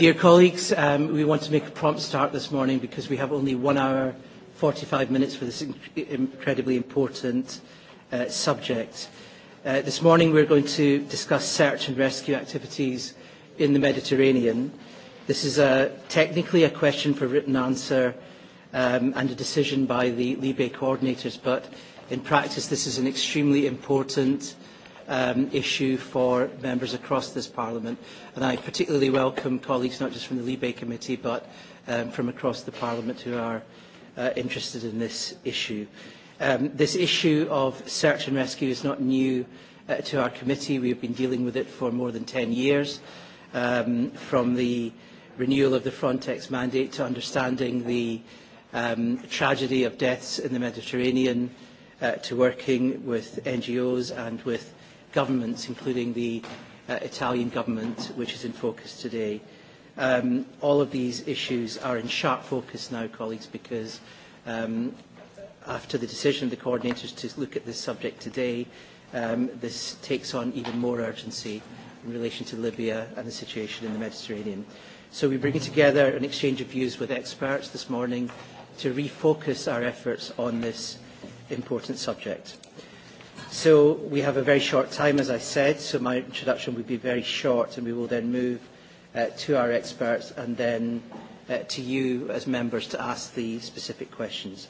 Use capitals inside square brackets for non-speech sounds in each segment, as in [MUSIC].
Dear colleagues, um, we want to make a prompt start this morning because we have only one hour, 45 minutes for this incredibly important uh, subject. Uh, this morning we're going to discuss search and rescue activities in the Mediterranean. This is a, technically a question for written answer um, and a decision by the Libe coordinators, but in practice this is an extremely important um, issue for members across this Parliament. And I particularly welcome colleagues not just from the Libe Committee but um, from across the Parliament who are uh, interested in this issue. Um, this issue of search and rescue is not new uh, to our committee. We have been dealing with it for more than 10 years, um, from the renewal of the Frontex mandate to understanding the um, tragedy of deaths in the Mediterranean, uh, to working with NGOs and with governments, including the uh, Italian government, which is in focus today. Um, all of these issues are in sharp focus now, colleagues, because um, after the decision of the coordinators to look at this subject today, um, this takes on even more urgency in relation to Libya and the situation in the Mediterranean. So we bring together an exchange of views with experts this morning to refocus our efforts on this important subject. So we have a very short time, as I said, so my introduction will be very short, and we will then move uh, to our experts and then uh, to you as members to ask the specific questions.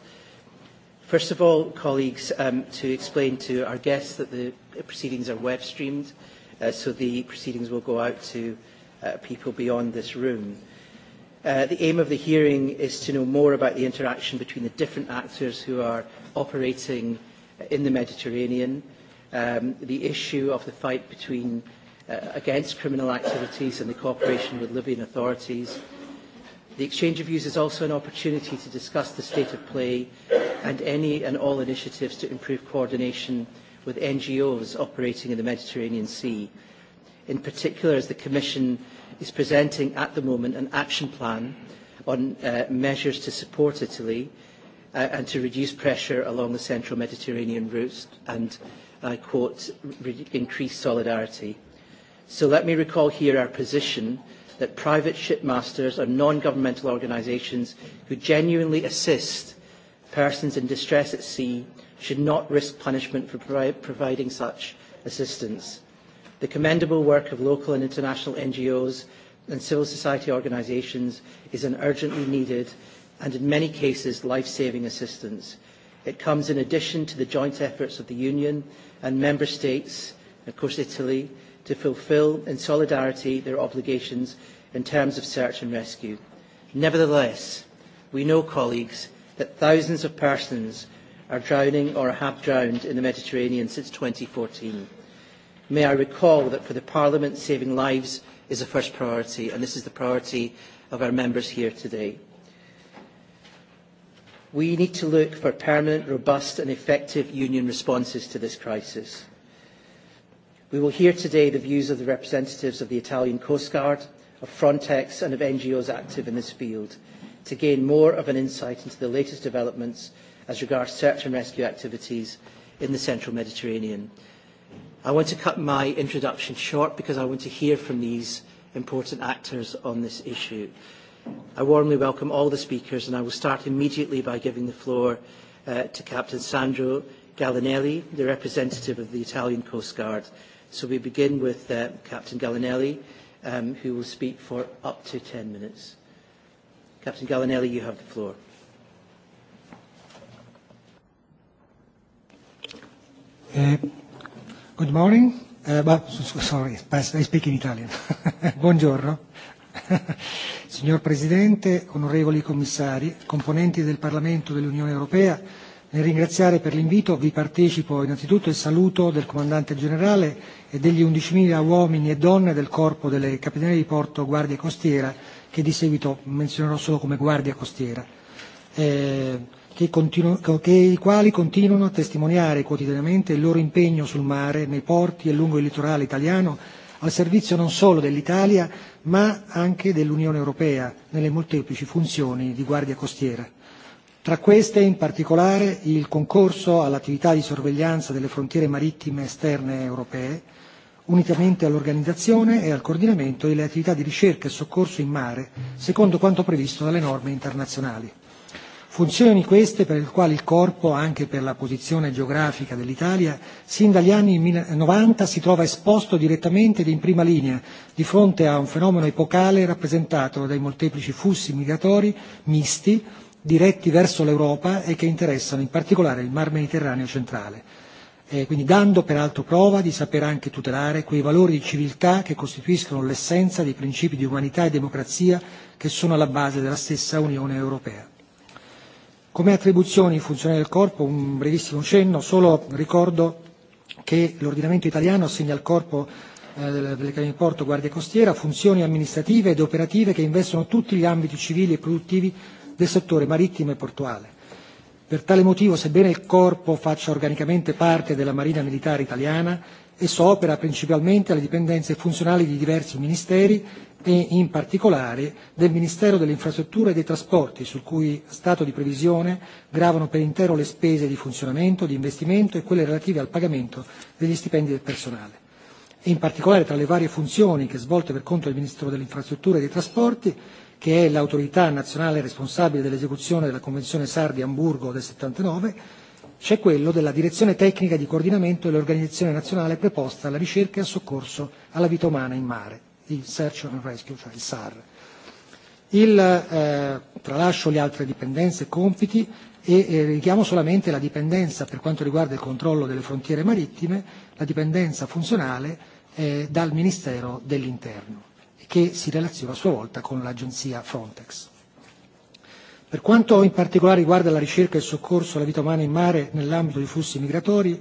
First of all, colleagues, um, to explain to our guests that the proceedings are web streamed, uh, so the proceedings will go out to uh, people beyond this room. Uh, the aim of the hearing is to know more about the interaction between the different actors who are operating in the Mediterranean, um, the issue of the fight between uh, against criminal activities and the cooperation with Libyan authorities. The exchange of views is also an opportunity to discuss the state of play and any and all initiatives to improve coordination with NGOs operating in the Mediterranean Sea. In particular, as the Commission is presenting at the moment an action plan on uh, measures to support Italy uh, and to reduce pressure along the central Mediterranean routes and, I quote, re increase solidarity. So let me recall here our position that private shipmasters are non-governmental organisations who genuinely assist persons in distress at sea should not risk punishment for providing such assistance. The commendable work of local and international NGOs and civil society organisations is an urgently needed and in many cases life-saving assistance. It comes in addition to the joint efforts of the Union and Member States, of course Italy, to fulfil in solidarity their obligations in terms of search and rescue. Nevertheless, we know, colleagues, that thousands of persons are drowning or have drowned in the Mediterranean since 2014. May I recall that for the Parliament, saving lives is a first priority, and this is the priority of our members here today. We need to look for permanent, robust and effective union responses to this crisis. We will hear today the views of the representatives of the Italian Coast Guard, of Frontex and of NGOs active in this field to gain more of an insight into the latest developments as regards search and rescue activities in the central Mediterranean. I want to cut my introduction short because I want to hear from these important actors on this issue. I warmly welcome all the speakers and I will start immediately by giving the floor uh, to Captain Sandro Gallinelli, the representative of the Italian Coast Guard. So we begin with uh, Captain Gallinelli, um, who will speak for up to 10 minutes. Captain Gallinelli, you have the floor. Uh, good morning. sorry, I speak in Italian. [LAUGHS] Buongiorno [LAUGHS] Signor Presidente, onorevoli commissari, componenti del Parlamento dell'Unione Europea, nel ringraziare per l'invito vi partecipo innanzitutto il saluto del Comandante Generale e degli 11.000 uomini e donne del Corpo delle Capitanerie di Porto Guardia Costiera, che di seguito menzionerò solo come Guardia Costiera. Eh, che, che i quali continuano a testimoniare quotidianamente il loro impegno sul mare, nei porti e lungo il litorale italiano, al servizio non solo dell'Italia ma anche dell'Unione Europea nelle molteplici funzioni di guardia costiera. Tra queste, in particolare, il concorso all'attività di sorveglianza delle frontiere marittime esterne e europee, unitamente all'organizzazione e al coordinamento delle attività di ricerca e soccorso in mare, secondo quanto previsto dalle norme internazionali. Funzioni queste per il quali il corpo, anche per la posizione geografica dell'Italia, sin dagli anni 90 si trova esposto direttamente ed in prima linea di fronte a un fenomeno epocale rappresentato dai molteplici flussi migratori misti diretti verso l'Europa e che interessano in particolare il Mar Mediterraneo centrale, e quindi dando peraltro prova di saper anche tutelare quei valori di civiltà che costituiscono l'essenza dei principi di umanità e democrazia che sono alla base della stessa Unione Europea. Come attribuzioni funzionali del corpo, un brevissimo cenno, solo ricordo che l'ordinamento italiano assegna al corpo eh, delle delle di Porto Guardia e Costiera funzioni amministrative ed operative che investono tutti gli ambiti civili e produttivi del settore marittimo e portuale. Per tale motivo, sebbene il corpo faccia organicamente parte della Marina Militare Italiana, esso opera principalmente alle dipendenze funzionali di diversi ministeri e in particolare del Ministero delle Infrastrutture e dei Trasporti, sul cui stato di previsione gravano per intero le spese di funzionamento, di investimento e quelle relative al pagamento degli stipendi del personale. E in particolare tra le varie funzioni che svolte per conto del Ministero delle Infrastrutture e dei Trasporti, che è l'autorità nazionale responsabile dell'esecuzione della Convenzione SAR di Amburgo del 79, c'è quello della Direzione Tecnica di Coordinamento dell'Organizzazione Nazionale preposta alla ricerca e al soccorso alla vita umana in mare il Search and Rescue, cioè SAR. Il, eh, tralascio le altre dipendenze e compiti e eh, richiamo solamente la dipendenza per quanto riguarda il controllo delle frontiere marittime, la dipendenza funzionale eh, dal Ministero dell'Interno, che si relaziona a sua volta con l'agenzia Frontex. Per quanto in particolare riguarda la ricerca e il soccorso alla vita umana in mare nell'ambito dei flussi migratori,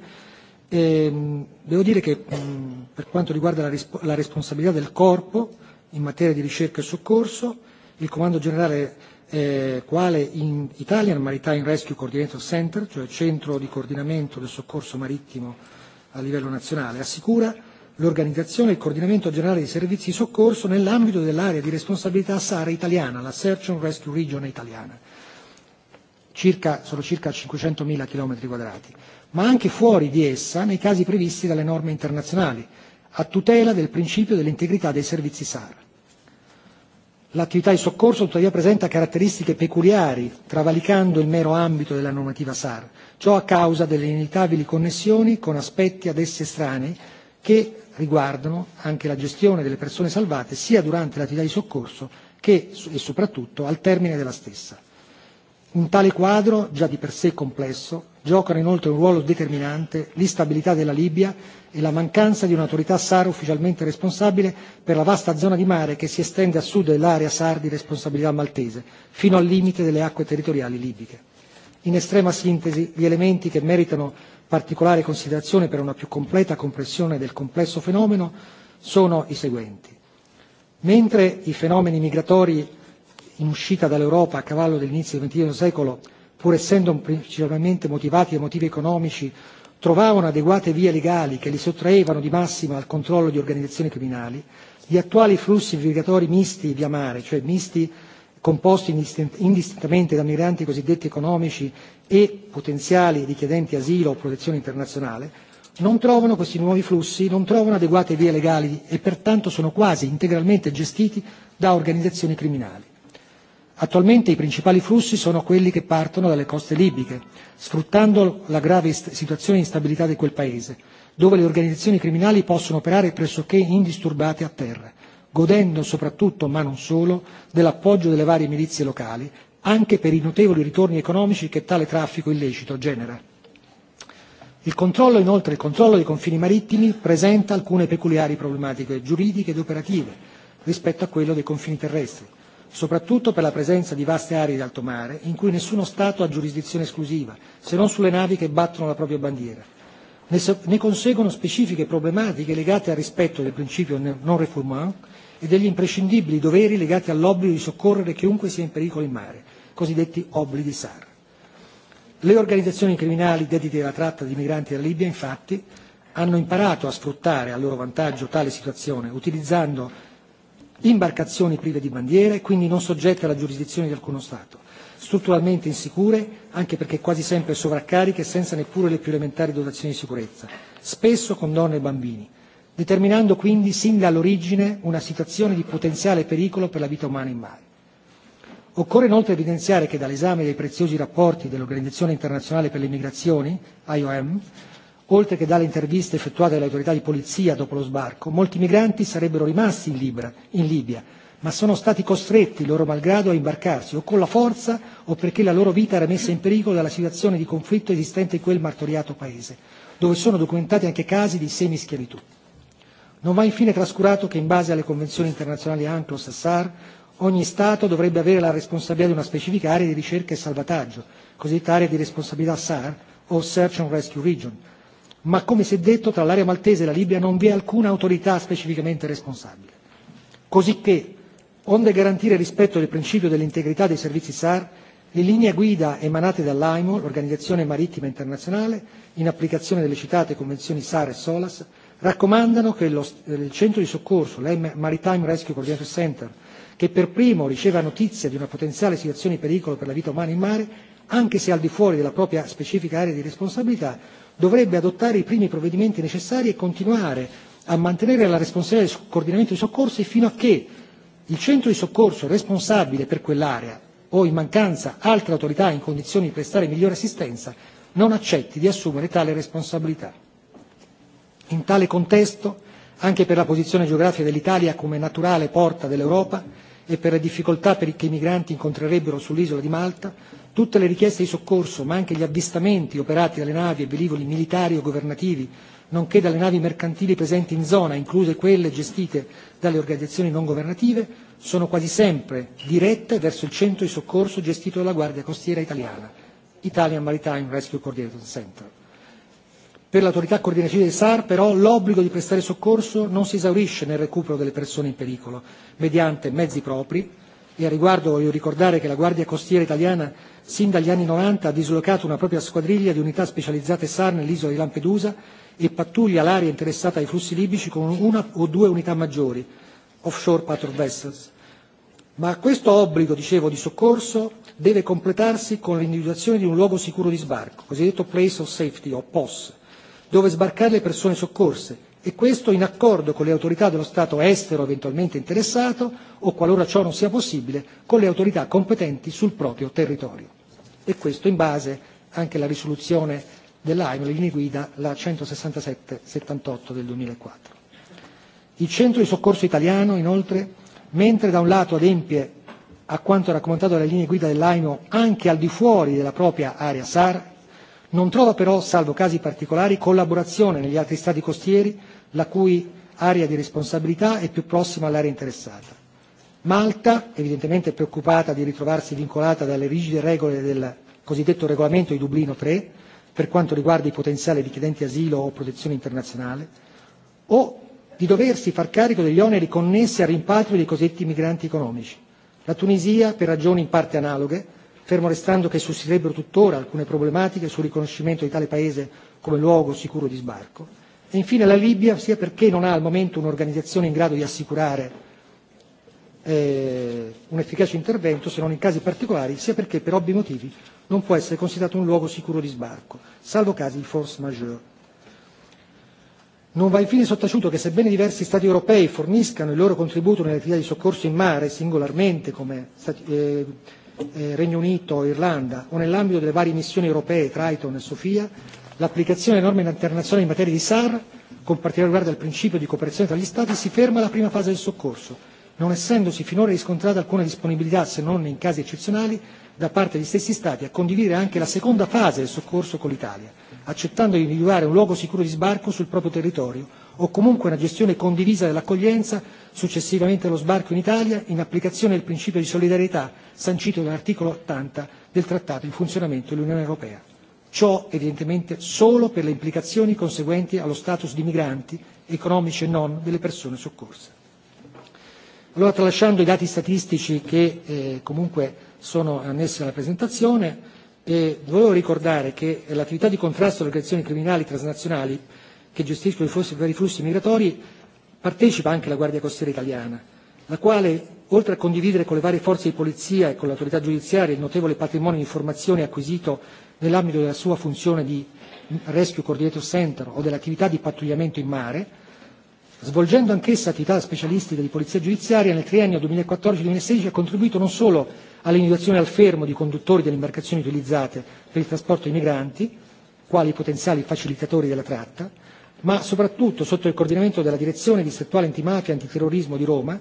Ehm, devo dire che per quanto riguarda la, responsabilità del corpo in materia di ricerca e soccorso, il comando generale eh, quale in Italian Maritime Rescue Coordinator Center, cioè centro di coordinamento del soccorso marittimo a livello nazionale, assicura l'organizzazione e il coordinamento generale dei servizi di soccorso nell'ambito dell'area di responsabilità SAR italiana, la Search and Rescue Region italiana. Circa, sono circa 500.000 km quadrati ma anche fuori di essa nei casi previsti dalle norme internazionali, a tutela del principio dell'integrità dei servizi SAR. L'attività di soccorso tuttavia presenta caratteristiche peculiari, travalicando il mero ambito della normativa SAR, ciò a causa delle inevitabili connessioni con aspetti ad esse estranei che riguardano anche la gestione delle persone salvate sia durante l'attività di soccorso che e soprattutto al termine della stessa. Un tale quadro, già di per sé complesso, giocano inoltre un ruolo determinante l'instabilità della libia e la mancanza di un'autorità SAR ufficialmente responsabile per la vasta zona di mare che si estende a sud dell'area sar di responsabilità maltese fino al limite delle acque territoriali libiche. in estrema sintesi gli elementi che meritano particolare considerazione per una più completa comprensione del complesso fenomeno sono i seguenti mentre i fenomeni migratori in uscita dall'europa a cavallo dell'inizio del xxi secolo pur essendo principalmente motivati da motivi economici, trovavano adeguate vie legali che li sottraevano di massima al controllo di organizzazioni criminali, gli attuali flussi migratori misti via mare, cioè misti composti indistintamente da migranti cosiddetti economici e potenziali richiedenti asilo o protezione internazionale, non trovano questi nuovi flussi, non trovano adeguate vie legali e pertanto sono quasi integralmente gestiti da organizzazioni criminali. Attualmente i principali flussi sono quelli che partono dalle coste libiche, sfruttando la grave situazione di instabilità di quel paese, dove le organizzazioni criminali possono operare pressoché indisturbate a terra, godendo soprattutto, ma non solo, dell'appoggio delle varie milizie locali, anche per i notevoli ritorni economici che tale traffico illecito genera. Il controllo, inoltre, il controllo dei confini marittimi presenta alcune peculiari problematiche giuridiche ed operative rispetto a quello dei confini terrestri soprattutto per la presenza di vaste aree di alto mare in cui nessuno Stato ha giurisdizione esclusiva, se non sulle navi che battono la propria bandiera. Ne conseguono specifiche problematiche legate al rispetto del principio non refoulement e degli imprescindibili doveri legati all'obbligo di soccorrere chiunque sia in pericolo in mare, cosiddetti obblighi SAR. Le organizzazioni criminali dedite alla tratta di migranti da Libia, infatti, hanno imparato a sfruttare a loro vantaggio tale situazione, utilizzando imbarcazioni prive di bandiere, quindi non soggette alla giurisdizione di alcuno Stato, strutturalmente insicure, anche perché quasi sempre sovraccariche senza neppure le più elementari dotazioni di sicurezza, spesso con donne e bambini, determinando quindi sin dall'origine una situazione di potenziale pericolo per la vita umana in mare. Occorre inoltre evidenziare che dall'esame dei preziosi rapporti dell'Organizzazione internazionale per le migrazioni, IOM, oltre che dalle interviste effettuate dalle autorità di polizia dopo lo sbarco, molti migranti sarebbero rimasti in, Libia, ma sono stati costretti, loro malgrado, a imbarcarsi o con la forza o perché la loro vita era messa in pericolo dalla situazione di conflitto esistente in quel martoriato paese, dove sono documentati anche casi di semischiavitù. Non va infine trascurato che in base alle convenzioni internazionali ANCLOS e SAR ogni Stato dovrebbe avere la responsabilità di una specifica area di ricerca e salvataggio, cosiddetta area di responsabilità SAR o Search and Rescue Region, ma come si è detto tra l'area maltese e la Libia non vi è alcuna autorità specificamente responsabile. Cosicché, onde garantire il rispetto del principio dell'integrità dei servizi SAR, le linee guida emanate dall'AIMO, l'Organizzazione Marittima Internazionale, in applicazione delle citate convenzioni SAR e SOLAS, raccomandano che il centro di soccorso, l'M Maritime Rescue Coordination Center, che per primo riceva notizia di una potenziale situazione di pericolo per la vita umana in mare, anche se al di fuori della propria specifica area di responsabilità, dovrebbe adottare i primi provvedimenti necessari e continuare a mantenere la responsabilità di coordinamento dei soccorsi e fino a che il centro di soccorso responsabile per quell'area o in mancanza altre autorità in condizioni di prestare migliore assistenza non accetti di assumere tale responsabilità. In tale contesto, anche per la posizione geografica dell'Italia come naturale porta dell'Europa e per le difficoltà che i migranti incontrerebbero sull'isola di Malta, Tutte le richieste di soccorso, ma anche gli avvistamenti operati dalle navi e velivoli militari o governativi, nonché dalle navi mercantili presenti in zona, incluse quelle gestite dalle organizzazioni non governative, sono quasi sempre dirette verso il centro di soccorso gestito dalla Guardia Costiera italiana, Italian Maritime Rescue Coordination Center. Per l'autorità coordinativa del SAR, però, l'obbligo di prestare soccorso non si esaurisce nel recupero delle persone in pericolo mediante mezzi propri, E a riguardo voglio ricordare che la Guardia Costiera italiana, sin dagli anni 90, ha dislocato una propria squadriglia di unità specializzate SAR nell'isola di Lampedusa e pattuglia l'area interessata ai flussi libici con una o due unità maggiori, offshore patrol vessels. Ma questo obbligo, dicevo, di soccorso deve completarsi con l'individuazione di un luogo sicuro di sbarco, cosiddetto place of safety o POS, dove sbarcare le persone soccorse, e questo in accordo con le autorità dello Stato estero eventualmente interessato o, qualora ciò non sia possibile, con le autorità competenti sul proprio territorio. E questo in base anche alla risoluzione dell'AIM, le linee guida, la 167-78 del 2004. Il centro di soccorso italiano, inoltre, mentre da un lato adempie a quanto raccomandato dalle linee guida dell'AIMO anche al di fuori della propria area SAR, non trova però salvo casi particolari collaborazione negli altri stati costieri la cui area di responsabilità è più prossima all'area interessata. malta evidentemente preoccupata di ritrovarsi vincolata dalle rigide regole del cosiddetto regolamento di dublino 3, per quanto riguarda i potenziali richiedenti asilo o protezione internazionale o di doversi far carico degli oneri connessi al rimpatrio dei cosiddetti migranti economici. la tunisia per ragioni in parte analoghe fermo restando che sussisterebbero tuttora alcune problematiche sul riconoscimento di tale Paese come luogo sicuro di sbarco, e infine la Libia sia perché non ha al momento un'organizzazione in grado di assicurare eh, un efficace intervento, se non in casi particolari, sia perché per ovvi motivi non può essere considerato un luogo sicuro di sbarco, salvo casi di force majeure. Non va infine sottaciuto che sebbene diversi Stati europei forniscano il loro contributo nelle attività di soccorso in mare singolarmente come stati, eh, Eh, Regno Unito Irlanda o nell'ambito delle varie missioni europee Triton e Sofia, l'applicazione delle norme internazionali in materia di SAR, con particolare riguardo al principio di cooperazione tra gli Stati, si ferma alla prima fase del soccorso, non essendosi finora riscontrata alcuna disponibilità, se non in casi eccezionali, da parte degli stessi Stati a condividere anche la seconda fase del soccorso con l'Italia, accettando di individuare un luogo sicuro di sbarco sul proprio territorio o comunque una gestione condivisa dell'accoglienza successivamente allo sbarco in Italia, in applicazione del principio di solidarietà sancito dall'articolo 80 del Trattato in funzionamento dell'Unione Europea. Ciò evidentemente solo per le implicazioni conseguenti allo status di migranti, economici e non, delle persone soccorse. Allora, tralasciando i dati statistici che eh, comunque sono annessi alla presentazione, eh, volevo ricordare che l'attività di contrasto alle organizzazioni criminali transnazionali che gestiscono i flussi, i flussi migratori partecipa anche la Guardia Costiera italiana, la quale oltre a condividere con le varie forze di polizia e con l'autorità giudiziaria il notevole patrimonio di informazioni acquisito nell'ambito della sua funzione di Rescue Coordinator Center o dell'attività di pattugliamento in mare, svolgendo anch'essa attività specialistica di polizia giudiziaria nel triennio 2014-2016 ha contribuito non solo all'individuazione al fermo di conduttori delle imbarcazioni utilizzate per il trasporto di migranti, quali potenziali facilitatori della tratta, ma soprattutto sotto il coordinamento della direzione distrettuale antimafia e antiterrorismo di Roma,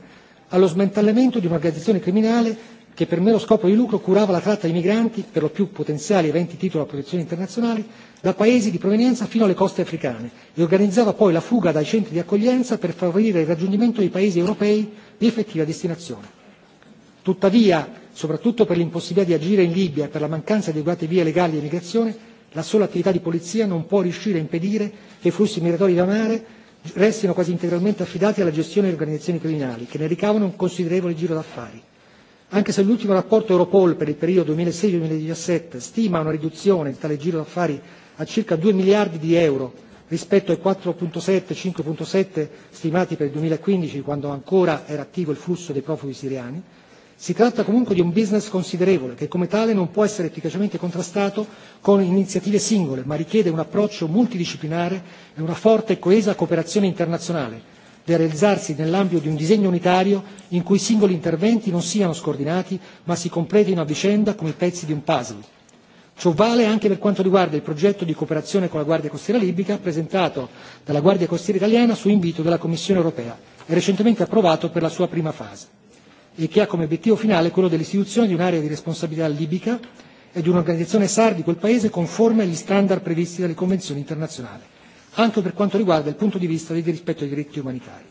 allo smantellamento di un'organizzazione criminale che per mero scopo di lucro curava la tratta di migranti, per lo più potenziali eventi titolo a protezione internazionale, da paesi di provenienza fino alle coste africane e organizzava poi la fuga dai centri di accoglienza per favorire il raggiungimento dei paesi europei di effettiva destinazione. Tuttavia, soprattutto per l'impossibilità di agire in Libia e per la mancanza di adeguate vie legali di emigrazione La sola attività di polizia non può riuscire a impedire che i flussi migratori da mare restino quasi integralmente affidati alla gestione di organizzazioni criminali, che ne ricavano un considerevole giro d'affari. Anche se l'ultimo rapporto Europol per il periodo 2016-2017 stima una riduzione di tale giro d'affari a circa 2 miliardi di euro rispetto ai 4.7 5.7 stimati per il 2015 quando ancora era attivo il flusso dei profughi siriani si tratta comunque di un business considerevole che come tale non può essere efficacemente contrastato con iniziative singole, ma richiede un approccio multidisciplinare e una forte e coesa cooperazione internazionale da realizzarsi nell'ambito di un disegno unitario in cui i singoli interventi non siano scordinati ma si completino a vicenda come i pezzi di un puzzle. Ciò vale anche per quanto riguarda il progetto di cooperazione con la Guardia Costiera libica presentato dalla Guardia Costiera italiana su invito della Commissione europea e recentemente approvato per la sua prima fase e che ha come obiettivo finale quello dell'istituzione di un'area di responsabilità libica e di un'organizzazione SAR di quel Paese conforme agli standard previsti dalle convenzioni internazionali, anche per quanto riguarda il punto di vista del rispetto dei diritti umanitari.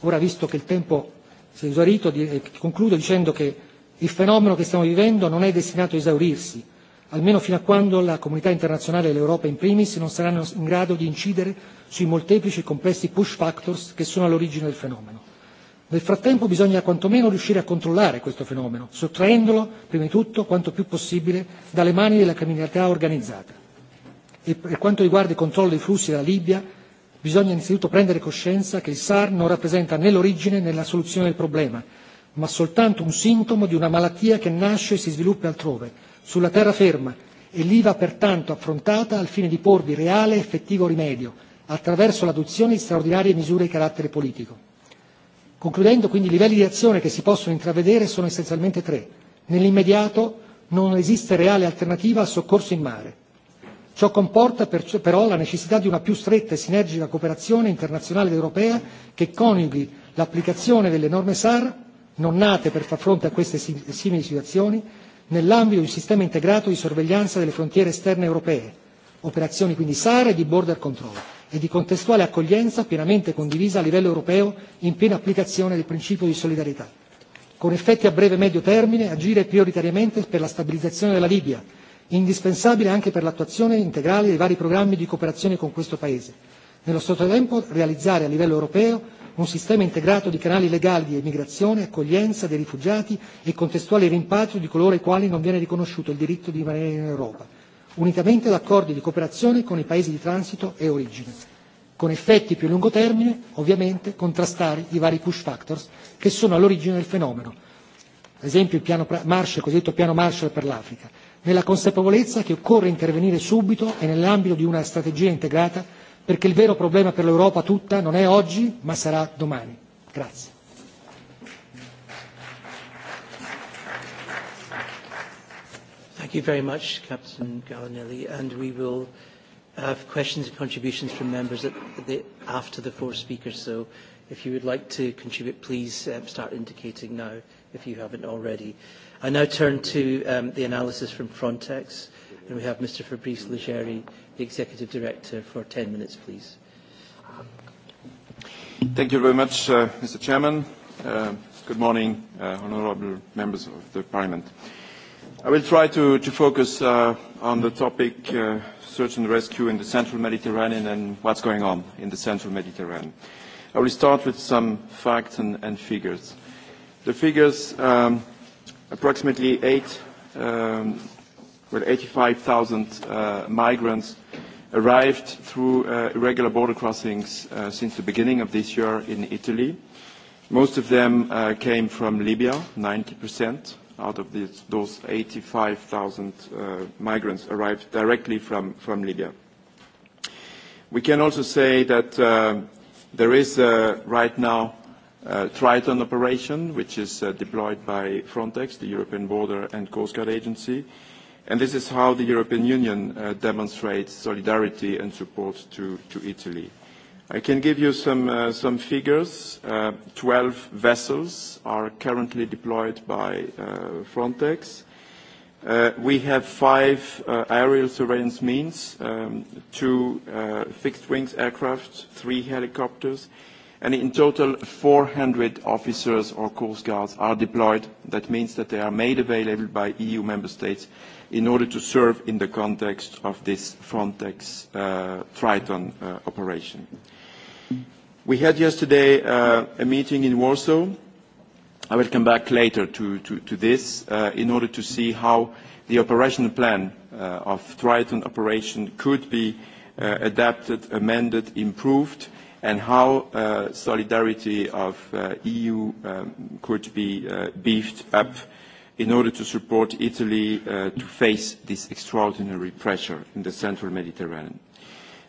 Ora, visto che il tempo si è esaurito, eh, concludo dicendo che il fenomeno che stiamo vivendo non è destinato a esaurirsi, almeno fino a quando la comunità internazionale e l'Europa in primis non saranno in grado di incidere sui molteplici e complessi push factors che sono all'origine del fenomeno Nel frattempo bisogna quantomeno riuscire a controllare questo fenomeno, sottraendolo, prima di tutto, quanto più possibile, dalle mani della criminalità organizzata. E per quanto riguarda il controllo dei flussi dalla Libia, bisogna innanzitutto prendere coscienza che il SAR non rappresenta né l'origine né la soluzione del problema, ma soltanto un sintomo di una malattia che nasce e si sviluppa altrove, sulla terraferma, e lì va pertanto affrontata al fine di porvi reale e effettivo rimedio, attraverso l'adozione di straordinarie misure di carattere politico. Concludendo, quindi, i livelli di azione che si possono intravedere sono essenzialmente tre. Nell'immediato non esiste reale alternativa al soccorso in mare. Ciò comporta però la necessità di una più stretta e sinergica cooperazione internazionale ed europea che coniughi l'applicazione delle norme SAR, non nate per far fronte a queste simili situazioni, nell'ambito di un sistema integrato di sorveglianza delle frontiere esterne europee, operazioni quindi SAR e di border control e di contestuale accoglienza pienamente condivisa a livello europeo in piena applicazione del principio di solidarietà. Con effetti a breve e medio termine agire prioritariamente per la stabilizzazione della Libia, indispensabile anche per l'attuazione integrale dei vari programmi di cooperazione con questo Paese. Nello stesso tempo realizzare a livello europeo un sistema integrato di canali legali di emigrazione, accoglienza dei rifugiati e contestuale rimpatrio di coloro ai quali non viene riconosciuto il diritto di rimanere in Europa unicamente d'accordi accordi di cooperazione con i paesi di transito e origine, con effetti più a lungo termine, ovviamente contrastare i vari push factors che sono all'origine del fenomeno, ad esempio il piano Marshall, cosiddetto piano Marshall per l'Africa, nella consapevolezza che occorre intervenire subito e nell'ambito di una strategia integrata perché il vero problema per l'Europa tutta non è oggi ma sarà domani. Grazie. Thank you very much, Captain Gallinelli. And we will have questions and contributions from members at the, after the four speakers. So if you would like to contribute, please um, start indicating now if you haven't already. I now turn to um, the analysis from Frontex. And we have Mr. Fabrice Legeri, the Executive Director, for 10 minutes, please. Thank you very much, uh, Mr. Chairman. Uh, good morning, uh, honourable members of the Parliament. Uh, i will try to, focus uh, on the topic uh, search and rescue in the central Mediterranean and what's going on in the central Mediterranean. I will start with some facts and, figures. The figures, um, approximately eight, 85,000 um, uh, migrants arrived through irregular border crossings since the beginning of this year in Italy. Most of them came from Libya, 90% out of these, those 85,000 uh, migrants arrived directly from, from Libya. We can also say that uh, there is uh, right now a Triton operation, which is uh, deployed by Frontex, the European Border and Coast Guard Agency. And this is how the European Union uh, demonstrates solidarity and support to, to Italy. I can give you some, uh, some figures. 12 uh, vessels are currently deployed by uh, Frontex. We have five aerial surveillance means, um, two fixed wings aircraft, three helicopters, and in total, 400 officers or coast guards are deployed. That means that they are made available by EU member states in order to serve in the context of this Frontex uh, Triton uh, operation. We had yesterday uh, a meeting in Warsaw. I will come back later to, to, to this uh, in order to see how the operational plan uh, of Triton operation could be uh, adapted, amended, improved, and how solidarity of EU um, could be beefed up in order to support Italy uh, to face this extraordinary pressure in the central Mediterranean.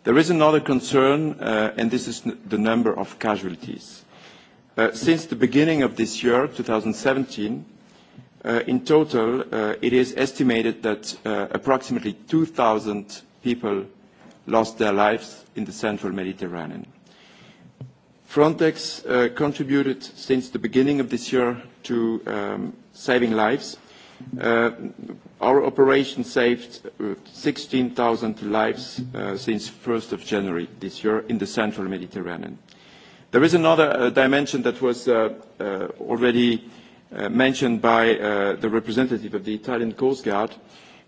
There is another concern, uh, and this is the number of casualties. Uh, since the beginning of this year, 2017, uh, in total, uh, it is estimated that uh, approximately 2,000 people lost their lives in the central Mediterranean. Frontex uh, contributed since the beginning of this year to um, saving lives. Uh, our operation saved 16,000 uh, lives since 1st of January this year in the central Mediterranean. There is another dimension that was already mentioned by the representative of the Italian Coast Guard,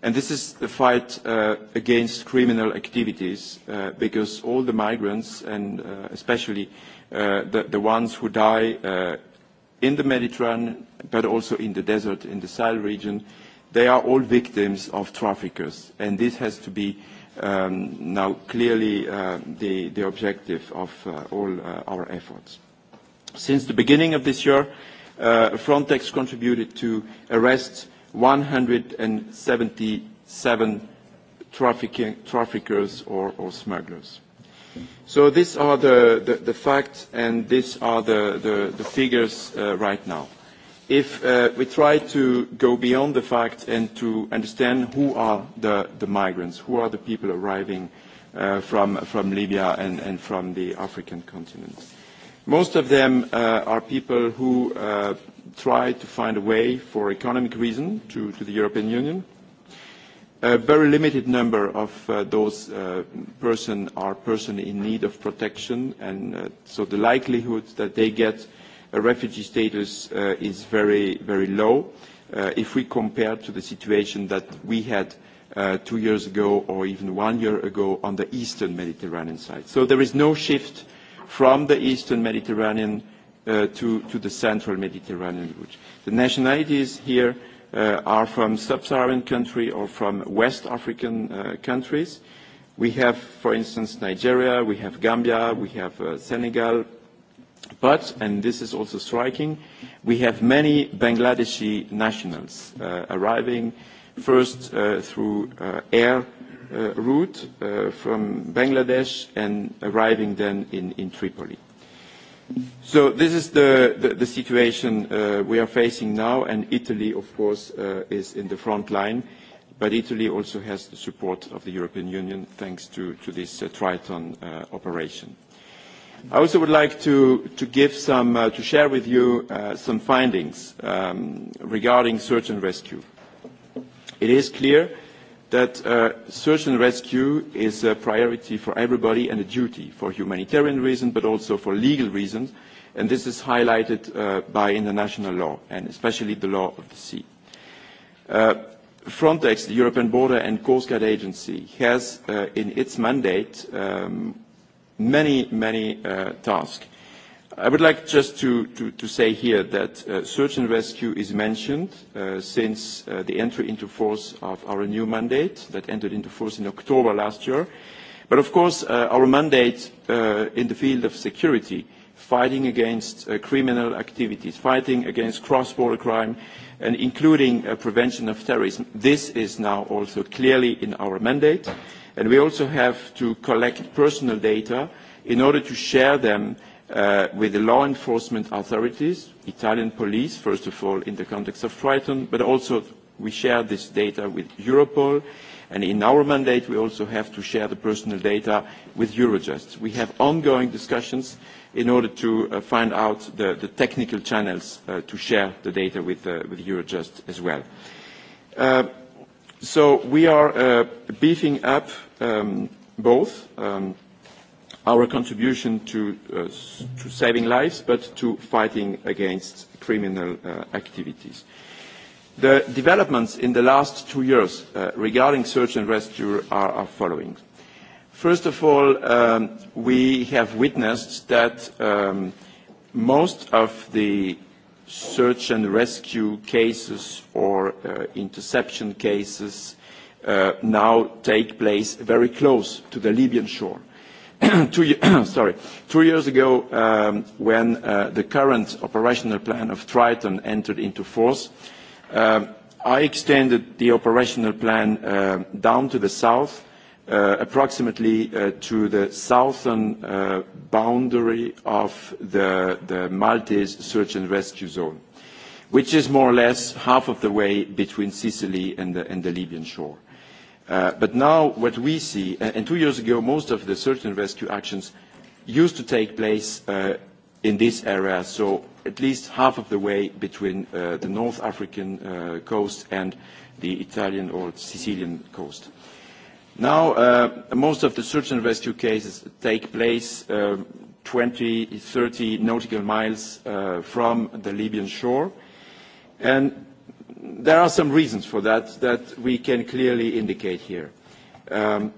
and this is the fight against criminal activities because all the migrants and especially Uh, the, the ones who die uh, in the Mediterranean, but also in the desert, in the Sahel region, they are all victims of traffickers. And this has to be um, now clearly uh, the, objective of all our efforts. Since the beginning of this year, Frontex contributed to arrest 177 trafficking, traffickers or smugglers. So these are the, the, facts and these are the, the, figures uh, right now. If uh, we try to go beyond the facts and to understand who are the, the migrants, who are the people arriving uh, from, from Libya and, and from the African continent. Most of them are people who try to find a way for economic reason to, to the European Union, a very limited number of uh, those uh, persons are persons in need of protection, and uh, so the likelihood that they get a refugee status is very, very low if we compare to the situation that we had two years ago or even one year ago on the eastern Mediterranean side. So there is no shift from the eastern Mediterranean to, to the central Mediterranean route. The nationalities here Uh, are from sub-Saharan countries or from West African uh, countries. We have, for instance, Nigeria, we have Gambia, we have uh, Senegal, but, and this is also striking, we have many Bangladeshi nationals uh, arriving first uh, through uh, air uh, route uh, from Bangladesh and arriving then in, in Tripoli. So this is the, the, situation uh, we are facing now, and Italy, of course, uh, is in the front line. But Italy also has the support of the European Union thanks to, to this uh, Triton operation. I also would like to, to, give some, to share with you some findings um, regarding search and rescue. It is clear that uh, search and rescue is a priority for everybody and a duty for humanitarian reasons, but also for legal reasons, and this is highlighted uh, by international law, and especially the law of the sea. Uh, Frontex, the European Border and Coast Guard Agency, has in its mandate um, many, many tasks i would like just to, to, to say here that uh, search and rescue is mentioned uh, since uh, the entry into force of our new mandate that entered into force in October last year. But of course, our mandate in the field of security, fighting against criminal activities, fighting against cross-border crime, and including prevention of terrorism, this is now also clearly in our mandate. And we also have to collect personal data in order to share them Uh, with the law enforcement authorities, Italian police, first of all, in the context of Triton, but also we share this data with Europol, and in our mandate we also have to share the personal data with Eurojust. We have ongoing discussions in order to uh, find out the, technical channels uh, to share the data with, with Eurojust as well. so we are beefing up um, both um, our contribution to, uh, to saving lives, but to fighting against criminal uh, activities. The developments in the last two years uh, regarding search and rescue are, are following. First of all, um, we have witnessed that um, most of the search and rescue cases or interception cases now take place very close to the Libyan shore [CLEARS THROAT] two, [CLEARS THROAT] sorry, two years ago, um, when uh, the current operational plan of Triton entered into force, um, I extended the operational plan uh, down to the south, uh, approximately to the southern boundary of the, Maltese search and rescue zone, which is more or less half of the way between Sicily and the Libyan shore. Uh, but now what we see, and two years ago most of the search and rescue actions used to take place uh, in this area, so at least half of the way between uh, the North African coast and the Italian or Sicilian coast. Now most of the search and rescue cases take place 20, 30 nautical miles from the Libyan shore, and there are some reasons for that that we can clearly indicate here. Um,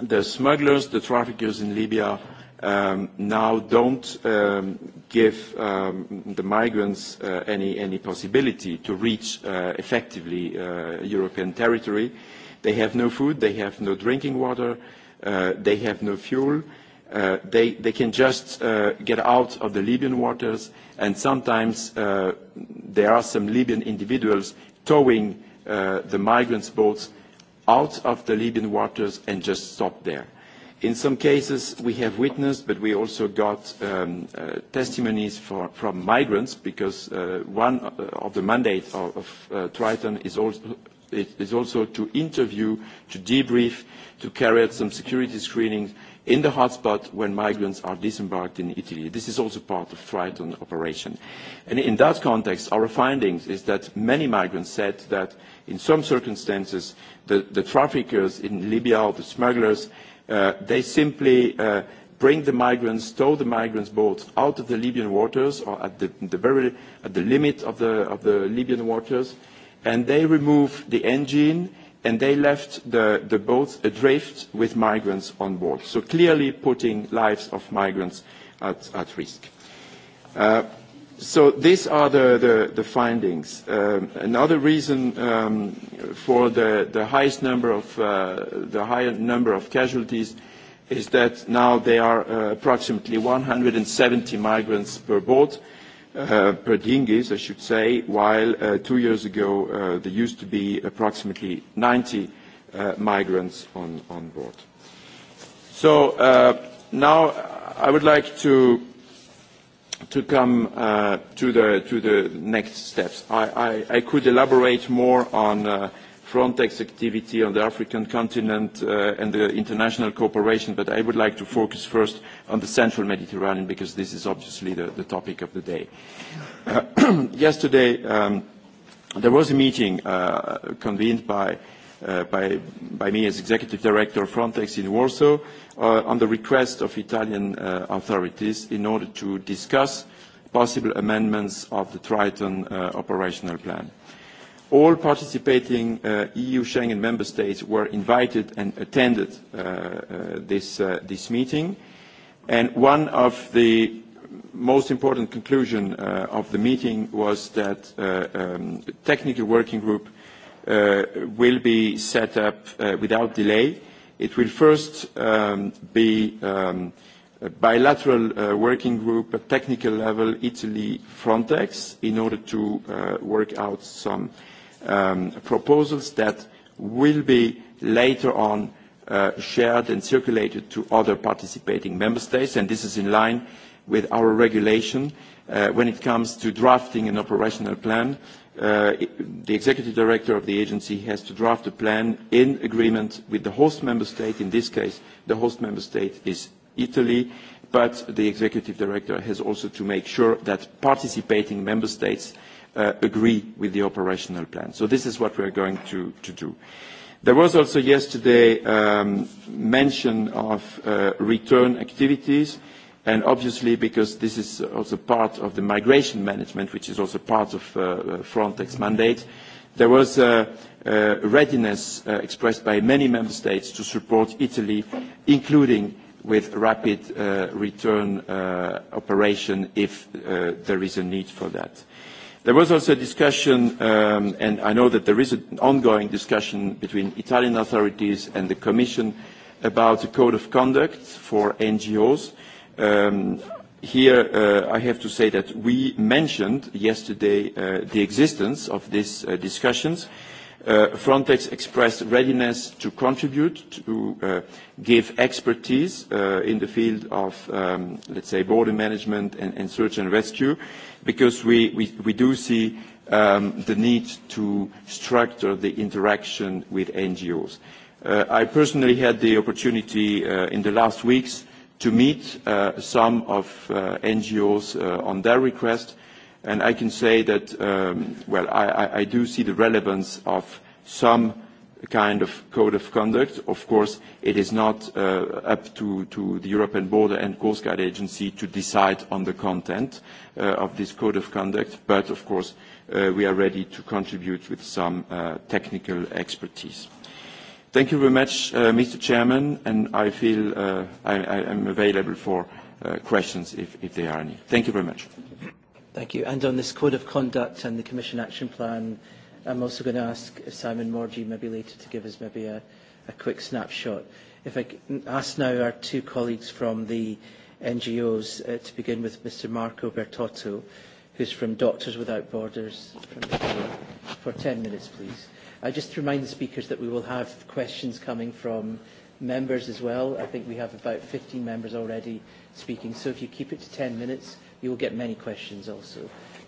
the smugglers, the traffickers in Libya um, now don't um, give um, the migrants uh, any, any possibility to reach uh, effectively uh, European territory. They have no food, they have no drinking water, they have no fuel Uh, they, can just uh, get out of the Libyan waters, and sometimes uh, there are some Libyan individuals towing the migrants' boats out of the Libyan waters and just stop there. In some cases, we have witnessed, but we also got um, testimonies from migrants, because one of the mandates of, Triton is also to interview, to debrief, to carry out some security screenings in the hotspot when migrants are disembarked in Italy. This is also part of Triton operation. And in that context, our findings is that many migrants said that in some circumstances, the, the traffickers in Libya, the smugglers, uh, they simply uh, bring the migrants, tow the migrants boats out of the Libyan waters or at the, the very at the limit of the, of the Libyan waters, and they remove the engine and they left the, the boats adrift with migrants on board, so clearly putting lives of migrants at, at risk. Uh, so these are the, the, findings. Um, another reason um, for the, the highest number of uh, the higher number of casualties is that now there are uh, approximately 170 migrants per boat, uh, per dinghies, I should say, while uh, two years ago uh, there used to be approximately 90 uh, migrants on, board. So now I would like to come to the to the next steps. I, I, could elaborate more on. Frontex activity on the African continent uh, and the international cooperation, but I would like to focus first on the central Mediterranean because this is obviously the, topic of the day. Uh, [CLEARS THROAT] yesterday, um, there was a meeting uh, convened by, by, by me as Executive Director of Frontex in Warsaw on the request of Italian authorities in order to discuss possible amendments of the Triton operational plan. All participating uh, EU Schengen member states were invited and attended uh, uh, this, this meeting. And one of the most important conclusion of the meeting was that um, a technical working group will be set up without delay. It will first um, be um, a bilateral working group at technical level, Italy, Frontex, in order to work out some Um, proposals that will be later on uh, shared and circulated to other participating member states, and this is in line with our regulation uh, when it comes to drafting an operational plan. Uh, the executive director of the agency has to draft a plan in agreement with the host member state. In this case, the host member state is Italy, but the executive director has also to make sure that participating member states Uh, agree with the operational plan. So this is what we are going to, do. There was also yesterday um, mention of uh, return activities, and obviously because this is also part of the migration management, which is also part of uh, Frontex mandate, there was a, readiness expressed by many member states to support Italy, including with rapid return operation if there is a need for that. There was also a discussion, um, and I know that there is an ongoing discussion between Italian authorities and the Commission about the code of conduct for NGOs. Um, here, uh, I have to say that we mentioned yesterday uh, the existence of these uh, discussions Uh, Frontex expressed readiness to contribute, to uh, give expertise uh, in the field of, um, let's say, border management and, search and rescue, because we, do see um, the need to structure the interaction with NGOs. I personally had the opportunity in the last weeks to meet some of NGOs on their request And I can say that, um, well, I, do see the relevance of some kind of code of conduct. Of course, it is not uh, up to, the European Border and Coast Guard Agency to decide on the content uh, of this code of conduct, but of course, uh, we are ready to contribute with some technical expertise. Thank you very much, Mr. Chairman, and I feel I am available for questions if there are any. Thank you very much. Thank you. And on this code of conduct and the Commission action plan, I'm also going to ask Simon Morgie maybe later to give us maybe a, a quick snapshot. If I ask now our two colleagues from the NGOs, uh, to begin with Mr. Marco Bertotto, who's from Doctors Without Borders, from Italy, for 10 minutes, please. I just remind the speakers that we will have questions coming from members as well. I think we have about 15 members already speaking, so if you keep it to 10 minutes, you will get many questions also.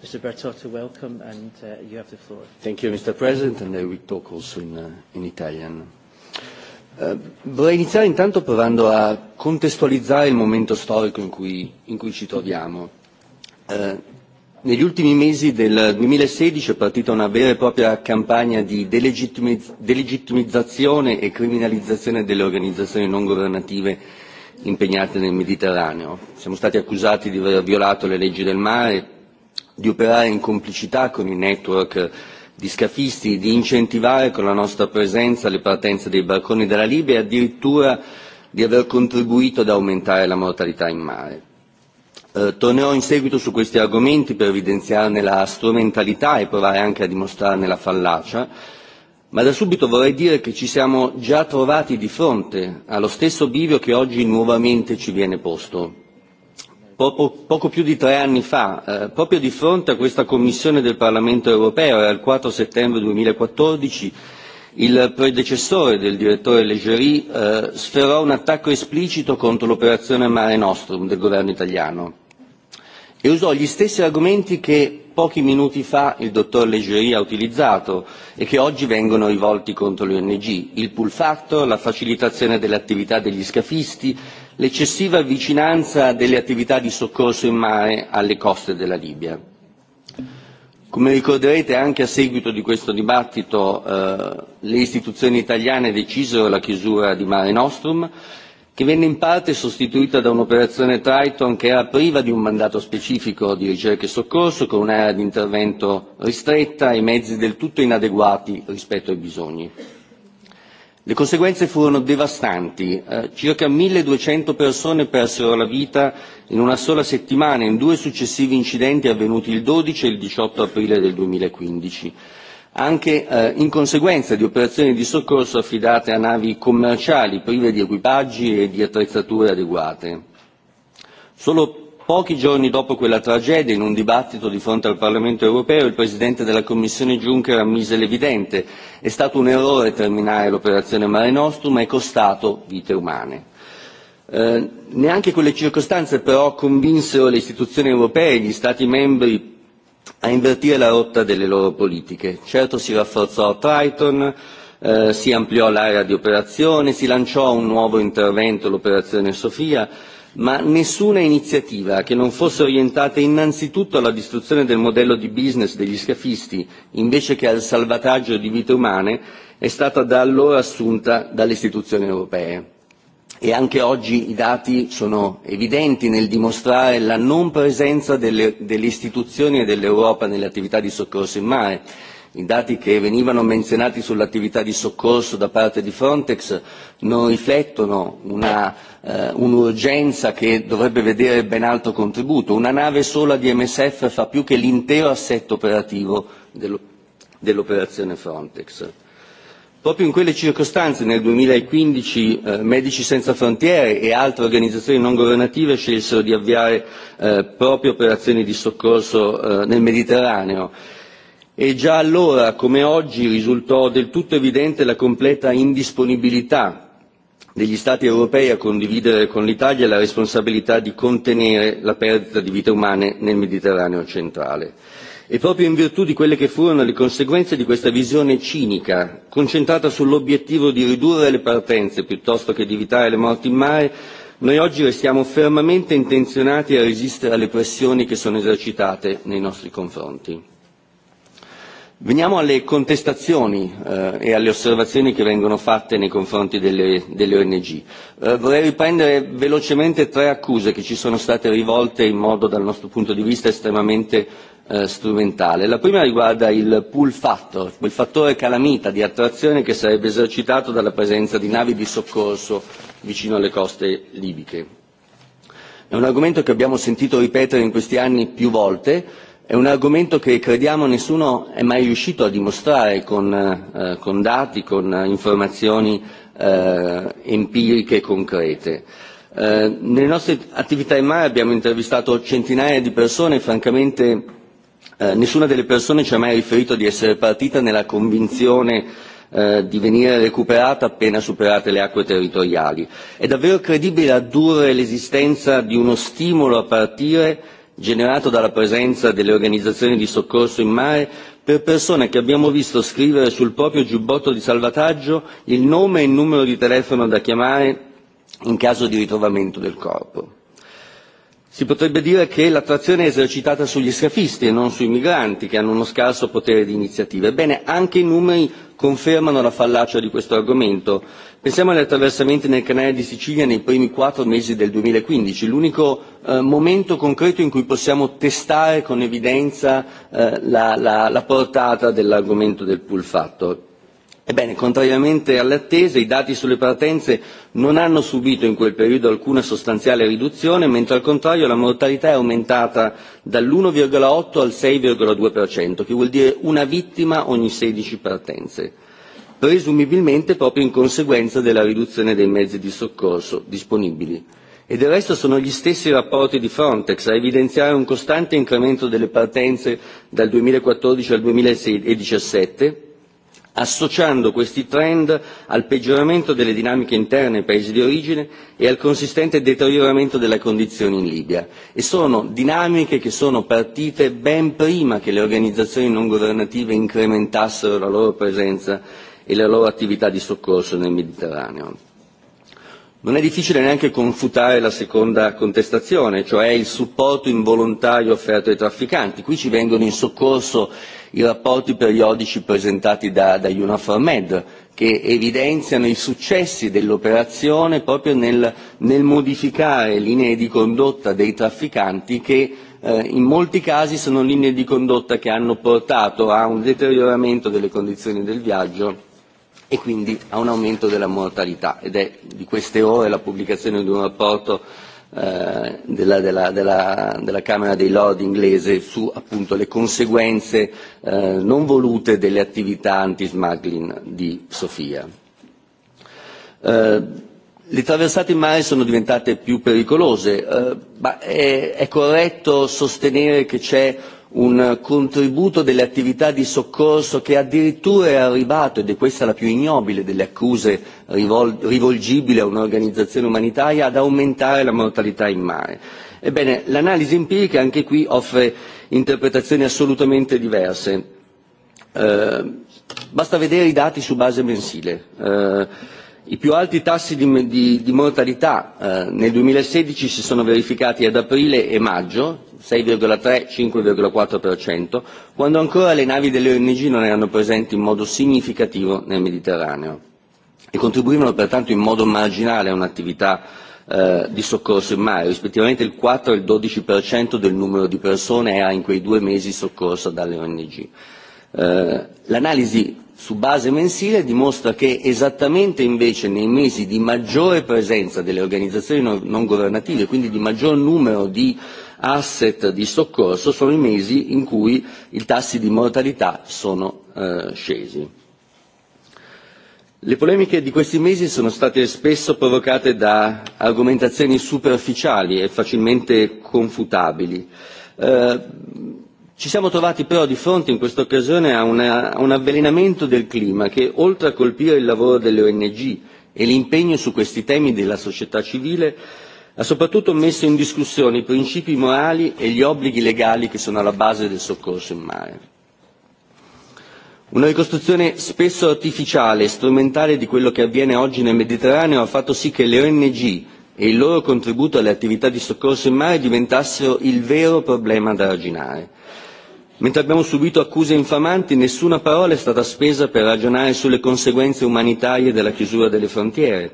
Mr. Bertotto, welcome, and uh, you have the floor. Thank you, Mr. President, and I will talk also in, uh, in Italian. Uh, vorrei iniziare intanto provando a contestualizzare il momento storico in cui, in cui ci troviamo. Uh, negli ultimi mesi del 2016 è partita una vera e propria campagna di delegittimizzazione e criminalizzazione delle organizzazioni non governative impegnate nel Mediterraneo. Siamo stati accusati di aver violato le leggi del mare, di operare in complicità con i network di scafisti, di incentivare con la nostra presenza le partenze dei barconi della Libia e addirittura di aver contribuito ad aumentare la mortalità in mare. Eh, tornerò in seguito su questi argomenti per evidenziarne la strumentalità e provare anche a dimostrarne la fallacia Ma da subito vorrei dire che ci siamo già trovati di fronte allo stesso bivio che oggi nuovamente ci viene posto. Poco, più di tre anni fa, eh, proprio di fronte a questa Commissione del Parlamento europeo e al 4 settembre 2014, il predecessore del direttore Leggeri eh, sferrò un attacco esplicito contro l'operazione Mare Nostrum del governo italiano e usò gli stessi argomenti che pochi minuti fa il dottor Leggeri ha utilizzato e che oggi vengono rivolti contro le ONG, il pull factor, la facilitazione delle attività degli scafisti, l'eccessiva vicinanza delle attività di soccorso in mare alle coste della Libia. Come ricorderete anche a seguito di questo dibattito eh, le istituzioni italiane decisero la chiusura di Mare Nostrum che venne in parte sostituita da un'operazione Triton che era priva di un mandato specifico di ricerca e soccorso, con un'area di intervento ristretta e mezzi del tutto inadeguati rispetto ai bisogni. Le conseguenze furono devastanti. Eh, circa 1200 persone persero la vita in una sola settimana in due successivi incidenti avvenuti il 12 e il 18 aprile del 2015 anche eh, in conseguenza di operazioni di soccorso affidate a navi commerciali prive di equipaggi e di attrezzature adeguate. Solo pochi giorni dopo quella tragedia, in un dibattito di fronte al Parlamento europeo, il Presidente della Commissione Juncker ammise l'evidente. È stato un errore terminare l'operazione Mare Nostrum ma è costato vite umane. Eh, neanche quelle circostanze però convinsero le istituzioni europee e gli Stati membri a invertire la rotta delle loro politiche. Certo si rafforzò Triton, eh, si ampliò l'area di operazione, si lanciò un nuovo intervento, l'operazione Sofia, ma nessuna iniziativa che non fosse orientata innanzitutto alla distruzione del modello di business degli scafisti invece che al salvataggio di vite umane è stata da allora assunta dalle istituzioni europee e anche oggi i dati sono evidenti nel dimostrare la non presenza delle, istituzioni e dell'Europa nelle attività di soccorso in mare. I dati che venivano menzionati sull'attività di soccorso da parte di Frontex non riflettono una, eh, un'urgenza che dovrebbe vedere ben altro contributo. Una nave sola di MSF fa più che l'intero assetto operativo dell'operazione Frontex proprio in quelle circostanze nel 2015 eh, medici senza frontiere e altre organizzazioni non governative scelsero di avviare eh, proprio operazioni di soccorso eh, nel mediterraneo e già allora come oggi risultò del tutto evidente la completa indisponibilità degli stati europei a condividere con l'italia la responsabilità di contenere la perdita di vite umane nel mediterraneo centrale e proprio in virtù di quelle che furono le conseguenze di questa visione cinica concentrata sull'obiettivo di ridurre le partenze piuttosto che di evitare le morti in mare noi oggi restiamo fermamente intenzionati a resistere alle pressioni che sono esercitate nei nostri confronti. Veniamo alle contestazioni eh, e alle osservazioni che vengono fatte nei confronti delle, delle ONG. Eh, vorrei riprendere velocemente tre accuse che ci sono state rivolte in modo, dal nostro punto di vista, estremamente Eh, strumentale. La prima riguarda il pull factor, quel fattore calamita di attrazione che sarebbe esercitato dalla presenza di navi di soccorso vicino alle coste libiche. È un argomento che abbiamo sentito ripetere in questi anni più volte, è un argomento che crediamo nessuno è mai riuscito a dimostrare con, eh, con dati, con informazioni eh, empiriche e concrete. Eh, nelle nostre attività in mare abbiamo intervistato centinaia di persone, francamente Eh, nessuna delle persone ci ha mai riferito di essere partita nella convinzione eh, di venire recuperata appena superate le acque territoriali. È davvero credibile addurre l'esistenza di uno stimolo a partire generato dalla presenza delle organizzazioni di soccorso in mare per persone che abbiamo visto scrivere sul proprio giubbotto di salvataggio il nome e il numero di telefono da chiamare in caso di ritrovamento del corpo. Si potrebbe dire che l'attrazione è esercitata sugli scafisti e non sui migranti, che hanno uno scarso potere di iniziativa. Ebbene, anche i numeri confermano la fallacia di questo argomento. Pensiamo agli attraversamenti nel canale di Sicilia nei primi quattro mesi del 2015, l'unico eh, momento concreto in cui possiamo testare con evidenza eh, la, la portata dell'argomento del pull factor Ebbene, contrariamente attese, i dati sulle partenze non hanno subito in quel periodo alcuna sostanziale riduzione, mentre al contrario la mortalità è aumentata dall'1,8 al 6,2%, che vuol dire una vittima ogni 16 partenze, presumibilmente proprio in conseguenza della riduzione dei mezzi di soccorso disponibili. E del resto sono gli stessi rapporti di Frontex a evidenziare un costante incremento delle partenze dal 2014 al 2017, associando questi trend al peggioramento delle dinamiche interne ai paesi di origine e al consistente deterioramento delle condizioni in Libia e sono dinamiche che sono partite ben prima che le organizzazioni non governative incrementassero la loro presenza e la loro attività di soccorso nel Mediterraneo. Non è difficile neanche confutare la seconda contestazione, cioè il supporto involontario offerto ai trafficanti. Qui ci vengono in soccorso i rapporti periodici presentati da, da UNAFORMED che evidenziano i successi dell'operazione proprio nel, nel modificare linee di condotta dei trafficanti che eh, in molti casi sono linee di condotta che hanno portato a un deterioramento delle condizioni del viaggio e quindi a un aumento della mortalità ed è di queste ore la pubblicazione di un rapporto eh, della, della, della, della Camera dei Lord inglese su appunto le conseguenze eh, non volute delle attività anti-smuggling di Sofia. Eh, le traversate in mare sono diventate più pericolose, eh, ma è, è corretto sostenere che c'è un contributo delle attività di soccorso che addirittura è arrivato ed è questa la più ignobile delle accuse rivolgibili a un'organizzazione umanitaria ad aumentare la mortalità in mare. ebbene l'analisi empirica anche qui offre interpretazioni assolutamente diverse eh, basta vedere i dati su base mensile eh, i più alti tassi di, mortalità eh, nel 2016 si sono verificati ad aprile e maggio 6,3-5,4%, quando ancora le navi delle ONG non erano presenti in modo significativo nel Mediterraneo e contribuivano pertanto in modo marginale a un'attività eh, di soccorso in mare, rispettivamente il 4 e il 12% del numero di persone era in quei due mesi soccorso dalle ONG. Eh, l'analisi su base mensile dimostra che esattamente invece nei mesi di maggiore presenza delle organizzazioni non governative quindi di maggior numero di asset di soccorso sono i mesi in cui i tassi di mortalità sono eh, scesi. Le polemiche di questi mesi sono state spesso provocate da argomentazioni superficiali e facilmente confutabili. Eh, Ci siamo trovati però di fronte in questa occasione a, a un avvelenamento del clima che, oltre a colpire il lavoro delle ONG e l'impegno su questi temi della società civile, ha soprattutto messo in discussione i principi morali e gli obblighi legali che sono alla base del soccorso in mare. Una ricostruzione spesso artificiale e strumentale di quello che avviene oggi nel Mediterraneo ha fatto sì che le ONG e il loro contributo alle attività di soccorso in mare diventassero il vero problema da arginare Mentre abbiamo subito accuse infamanti, nessuna parola è stata spesa per ragionare sulle conseguenze umanitarie della chiusura delle frontiere,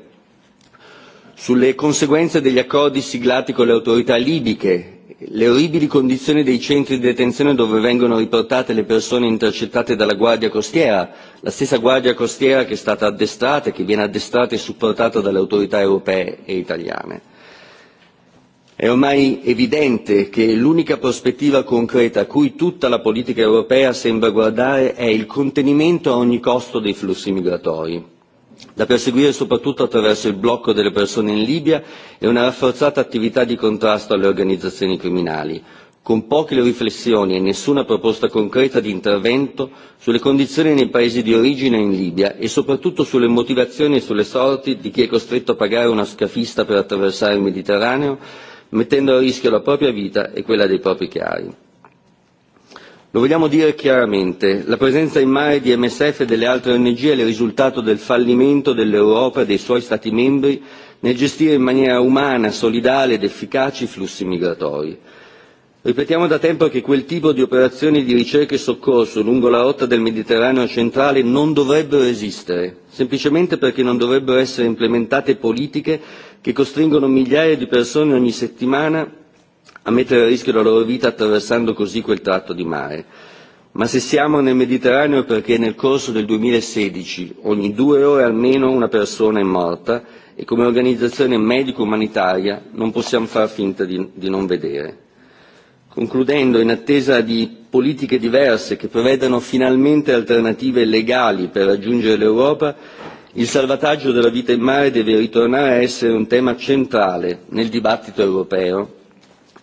sulle conseguenze degli accordi siglati con le autorità libiche, le orribili condizioni dei centri di detenzione dove vengono riportate le persone intercettate dalla Guardia Costiera, la stessa Guardia Costiera che è stata addestrata e che viene addestrata e supportata dalle autorità europee e italiane È ormai evidente che l'unica prospettiva concreta a cui tutta la politica europea sembra guardare è il contenimento a ogni costo dei flussi migratori da perseguire soprattutto attraverso il blocco delle persone in Libia e una rafforzata attività di contrasto alle organizzazioni criminali, con poche riflessioni e nessuna proposta concreta di intervento sulle condizioni nei paesi di origine in Libia e soprattutto sulle motivazioni e sulle sorti di chi è costretto a pagare una scafista per attraversare il Mediterraneo mettendo a rischio la propria vita e quella dei propri cari. Lo vogliamo dire chiaramente, la presenza in mare di MSF e delle altre ONG è il risultato del fallimento dell'Europa e dei suoi Stati membri nel gestire in maniera umana, solidale ed efficace i flussi migratori. Ripetiamo da tempo che quel tipo di operazioni di ricerca e soccorso lungo la rotta del Mediterraneo centrale non dovrebbero esistere, semplicemente perché non dovrebbero essere implementate politiche che costringono migliaia di persone ogni settimana a mettere a rischio la loro vita attraversando così quel tratto di mare. Ma se siamo nel Mediterraneo è perché nel corso del 2016 ogni due ore almeno una persona è morta e come organizzazione medico-umanitaria non possiamo far finta di, di non vedere. Concludendo, in attesa di politiche diverse che prevedano finalmente alternative legali per raggiungere l'Europa, il salvataggio della vita in mare deve ritornare a essere un tema centrale nel dibattito europeo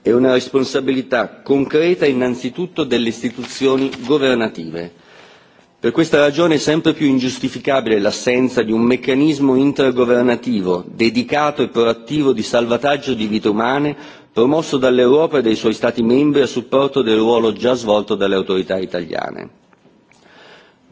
e una responsabilità concreta innanzitutto delle istituzioni governative. Per questa ragione è sempre più ingiustificabile l'assenza di un meccanismo intergovernativo dedicato e proattivo di salvataggio di vite umane promosso dall'Europa e dai suoi Stati membri a supporto del ruolo già svolto dalle autorità italiane.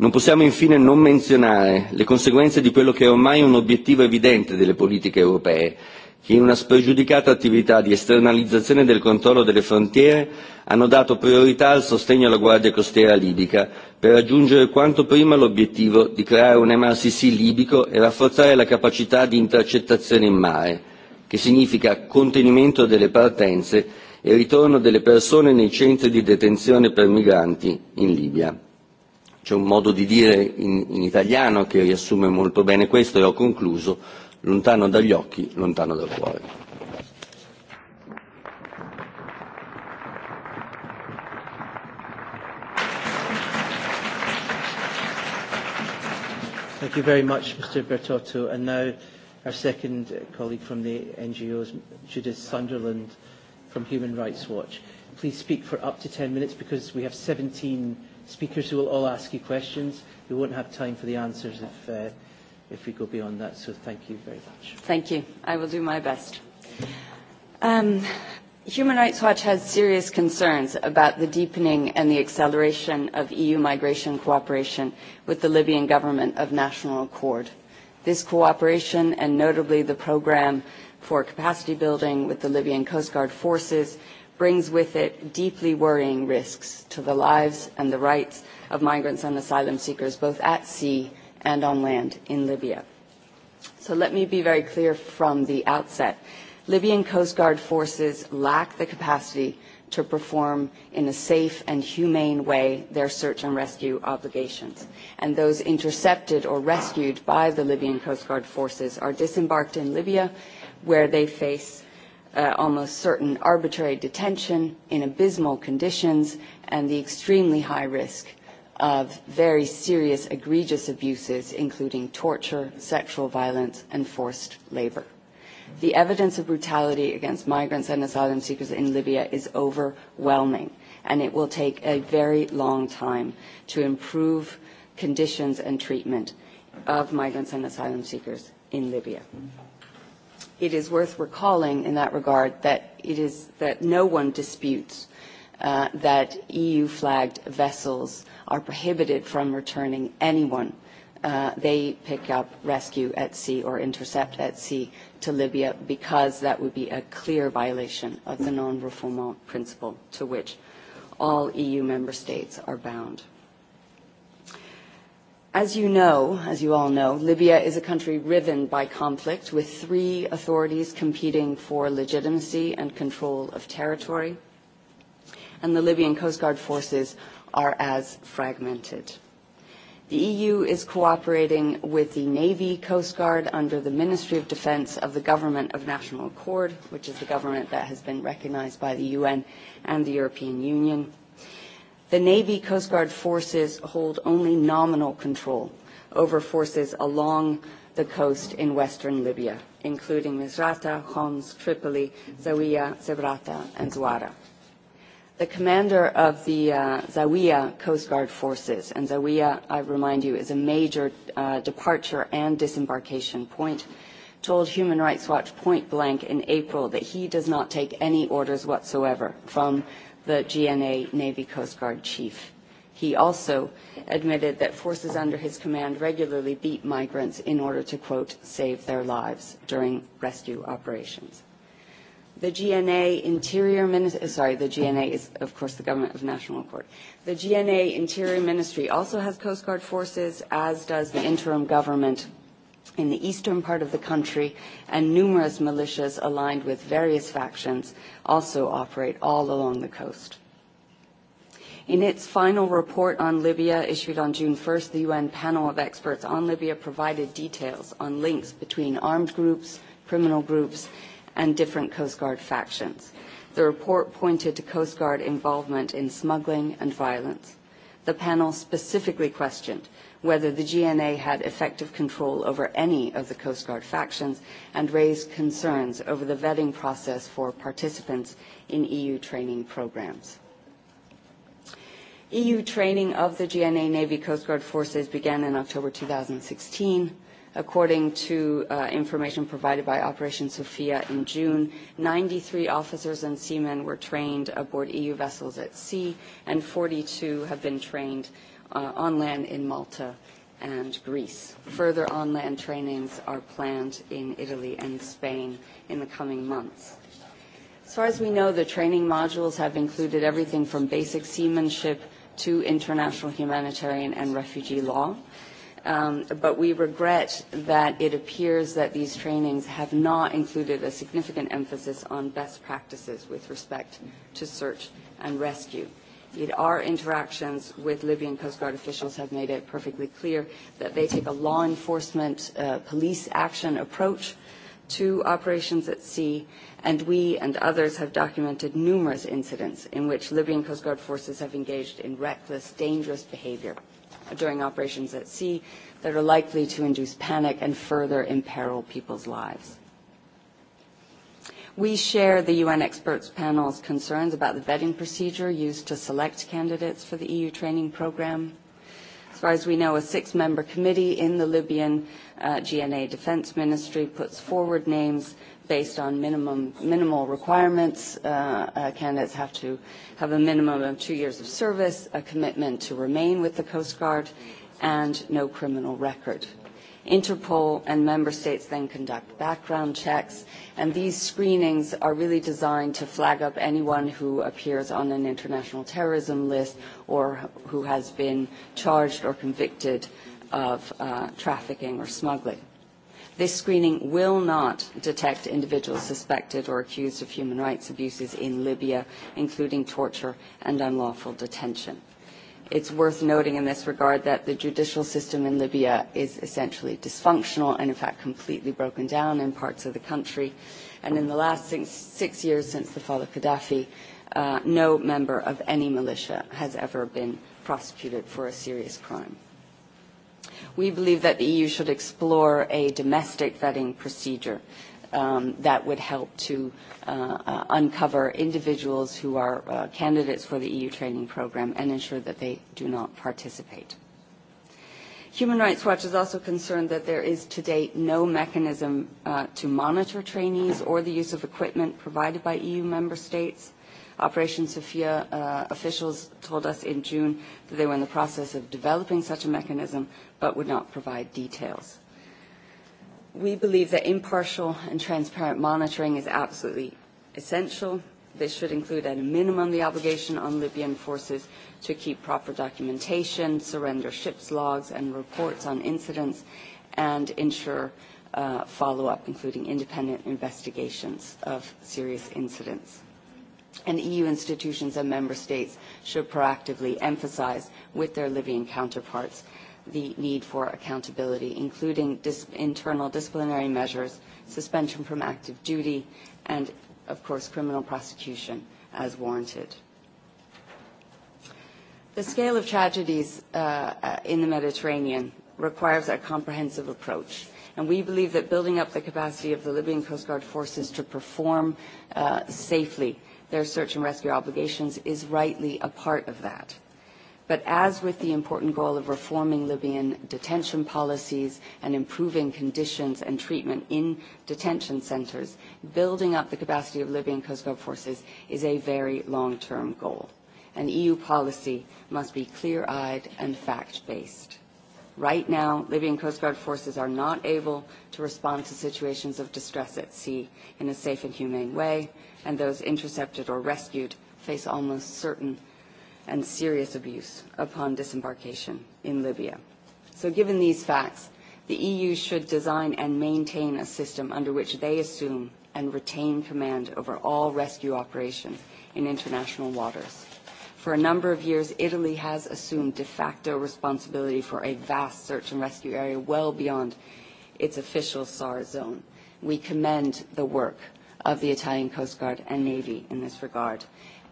Non possiamo infine non menzionare le conseguenze di quello che è ormai un obiettivo evidente delle politiche europee, che in una spregiudicata attività di esternalizzazione del controllo delle frontiere hanno dato priorità al sostegno alla Guardia Costiera libica per raggiungere quanto prima l'obiettivo di creare un MRCC libico e rafforzare la capacità di intercettazione in mare, che significa contenimento delle partenze e ritorno delle persone nei centri di detenzione per migranti in Libia c'è un modo di dire in, in italiano che riassume molto bene questo e ho concluso lontano dagli occhi, lontano dal cuore. Thank you very much, Mr. Bertotto. And now our second colleague from the NGOs, Judith Sunderland from Human Rights Watch. Please speak for up to 10 minutes because we have 17 speakers who will all ask you questions. We won't have time for the answers if, uh, if we go beyond that, so thank you very much. Thank you. I will do my best. Um, Human Rights Watch has serious concerns about the deepening and the acceleration of EU migration cooperation with the Libyan government of national accord. This cooperation, and notably the program for capacity building with the Libyan Coast Guard forces, brings with it deeply worrying risks to the lives and the rights of migrants and asylum seekers, both at sea and on land in Libya. So let me be very clear from the outset. Libyan Coast Guard forces lack the capacity to perform in a safe and humane way their search and rescue obligations. And those intercepted or rescued by the Libyan Coast Guard forces are disembarked in Libya, where they face uh, almost certain arbitrary detention in abysmal conditions and the extremely high risk of very serious egregious abuses including torture sexual violence and forced labor the evidence of brutality against migrants and asylum seekers in libya is overwhelming and it will take a very long time to improve conditions and treatment of migrants and asylum seekers in libya it is worth recalling in that regard that it is that no one disputes uh, that EU flagged vessels are prohibited from returning anyone uh, they pick up, rescue at sea or intercept at sea to Libya because that would be a clear violation of the non-refoulement principle to which all EU member states are bound. As you know, as you all know, Libya is a country riven by conflict with three authorities competing for legitimacy and control of territory. And the Libyan Coast Guard forces are as fragmented. The EU is cooperating with the Navy Coast Guard under the Ministry of Defense of the Government of National Accord, which is the government that has been recognized by the UN and the European Union The Navy Coast Guard forces hold only nominal control over forces along the coast in western Libya, including Misrata, Homs, Tripoli, Zawiya, Zebrata, and Zuara. The commander of the uh, Zawiya Coast Guard forces, and Zawiya, I remind you, is a major uh, departure and disembarkation point, told Human Rights Watch point blank in April that he does not take any orders whatsoever from the GNA Navy Coast Guard chief. He also admitted that forces under his command regularly beat migrants in order to, quote, save their lives during rescue operations. The GNA Interior Ministry, uh, sorry, the GNA is, of course, the Government of National Court. The GNA Interior Ministry also has Coast Guard forces, as does the interim government in the eastern part of the country and numerous militias aligned with various factions also operate all along the coast. In its final report on Libya issued on June 1st, the UN panel of experts on Libya provided details on links between armed groups, criminal groups, and different Coast Guard factions. The report pointed to Coast Guard involvement in smuggling and violence. The panel specifically questioned whether the GNA had effective control over any of the Coast Guard factions and raised concerns over the vetting process for participants in EU training programs. EU training of the GNA Navy Coast Guard forces began in October 2016. According to uh, information provided by Operation Sophia in June, 93 officers and seamen were trained aboard EU vessels at sea, and 42 have been trained Uh, on land in Malta and Greece. Further on land trainings are planned in Italy and Spain in the coming months. As far as we know, the training modules have included everything from basic seamanship to international humanitarian and refugee law. Um, but we regret that it appears that these trainings have not included a significant emphasis on best practices with respect to search and rescue our interactions with Libyan Coast Guard officials have made it perfectly clear that they take a law enforcement uh, police action approach to operations at sea, and we and others have documented numerous incidents in which Libyan Coast Guard forces have engaged in reckless, dangerous behavior during operations at sea that are likely to induce panic and further imperil people's lives. We share the UN experts panel's concerns about the vetting procedure used to select candidates for the EU training program. As far as we know, a six-member committee in the Libyan uh, GNA Defense Ministry puts forward names based on minimum, minimal requirements. Uh, uh, candidates have to have a minimum of two years of service, a commitment to remain with the Coast Guard, and no criminal record. Interpol and member states then conduct background checks, and these screenings are really designed to flag up anyone who appears on an international terrorism list or who has been charged or convicted of uh, trafficking or smuggling. This screening will not detect individuals suspected or accused of human rights abuses in Libya, including torture and unlawful detention. It's worth noting in this regard that the judicial system in Libya is essentially dysfunctional and in fact completely broken down in parts of the country. And in the last six, six years since the fall of Gaddafi, uh, no member of any militia has ever been prosecuted for a serious crime. We believe that the EU should explore a domestic vetting procedure Um, that would help to uh, uh, uncover individuals who are uh, candidates for the EU training program and ensure that they do not participate. Human Rights Watch is also concerned that there is to date no mechanism to monitor trainees or the use of equipment provided by EU member states. Operation Sophia officials told us in June that they were in the process of developing such a mechanism but would not provide details we believe that impartial and transparent monitoring is absolutely essential. This should include at a minimum the obligation on Libyan forces to keep proper documentation, surrender ships logs and reports on incidents, and ensure uh, follow-up, including independent investigations of serious incidents. And EU institutions and member states should proactively emphasize with their Libyan counterparts the need for accountability, including dis internal disciplinary measures, suspension from active duty, and, of course, criminal prosecution as warranted. The scale of tragedies uh, uh, in the Mediterranean requires a comprehensive approach, and we believe that building up the capacity of the Libyan Coast Guard forces to perform uh, safely their search and rescue obligations is rightly a part of that. But as with the important goal of reforming Libyan detention policies and improving conditions and treatment in detention centers, building up the capacity of Libyan Coast Guard forces is a very long-term goal. And EU policy must be clear-eyed and fact-based. Right now, Libyan Coast Guard forces are not able to respond to situations of distress at sea in a safe and humane way, and those intercepted or rescued face almost certain and serious abuse upon disembarkation in Libya. So given these facts, the EU should design and maintain a system under which they assume and retain command over all rescue operations in international waters. For a number of years, Italy has assumed de facto responsibility for a vast search and rescue area well beyond its official SAR zone. We commend the work of the Italian Coast Guard and Navy in this regard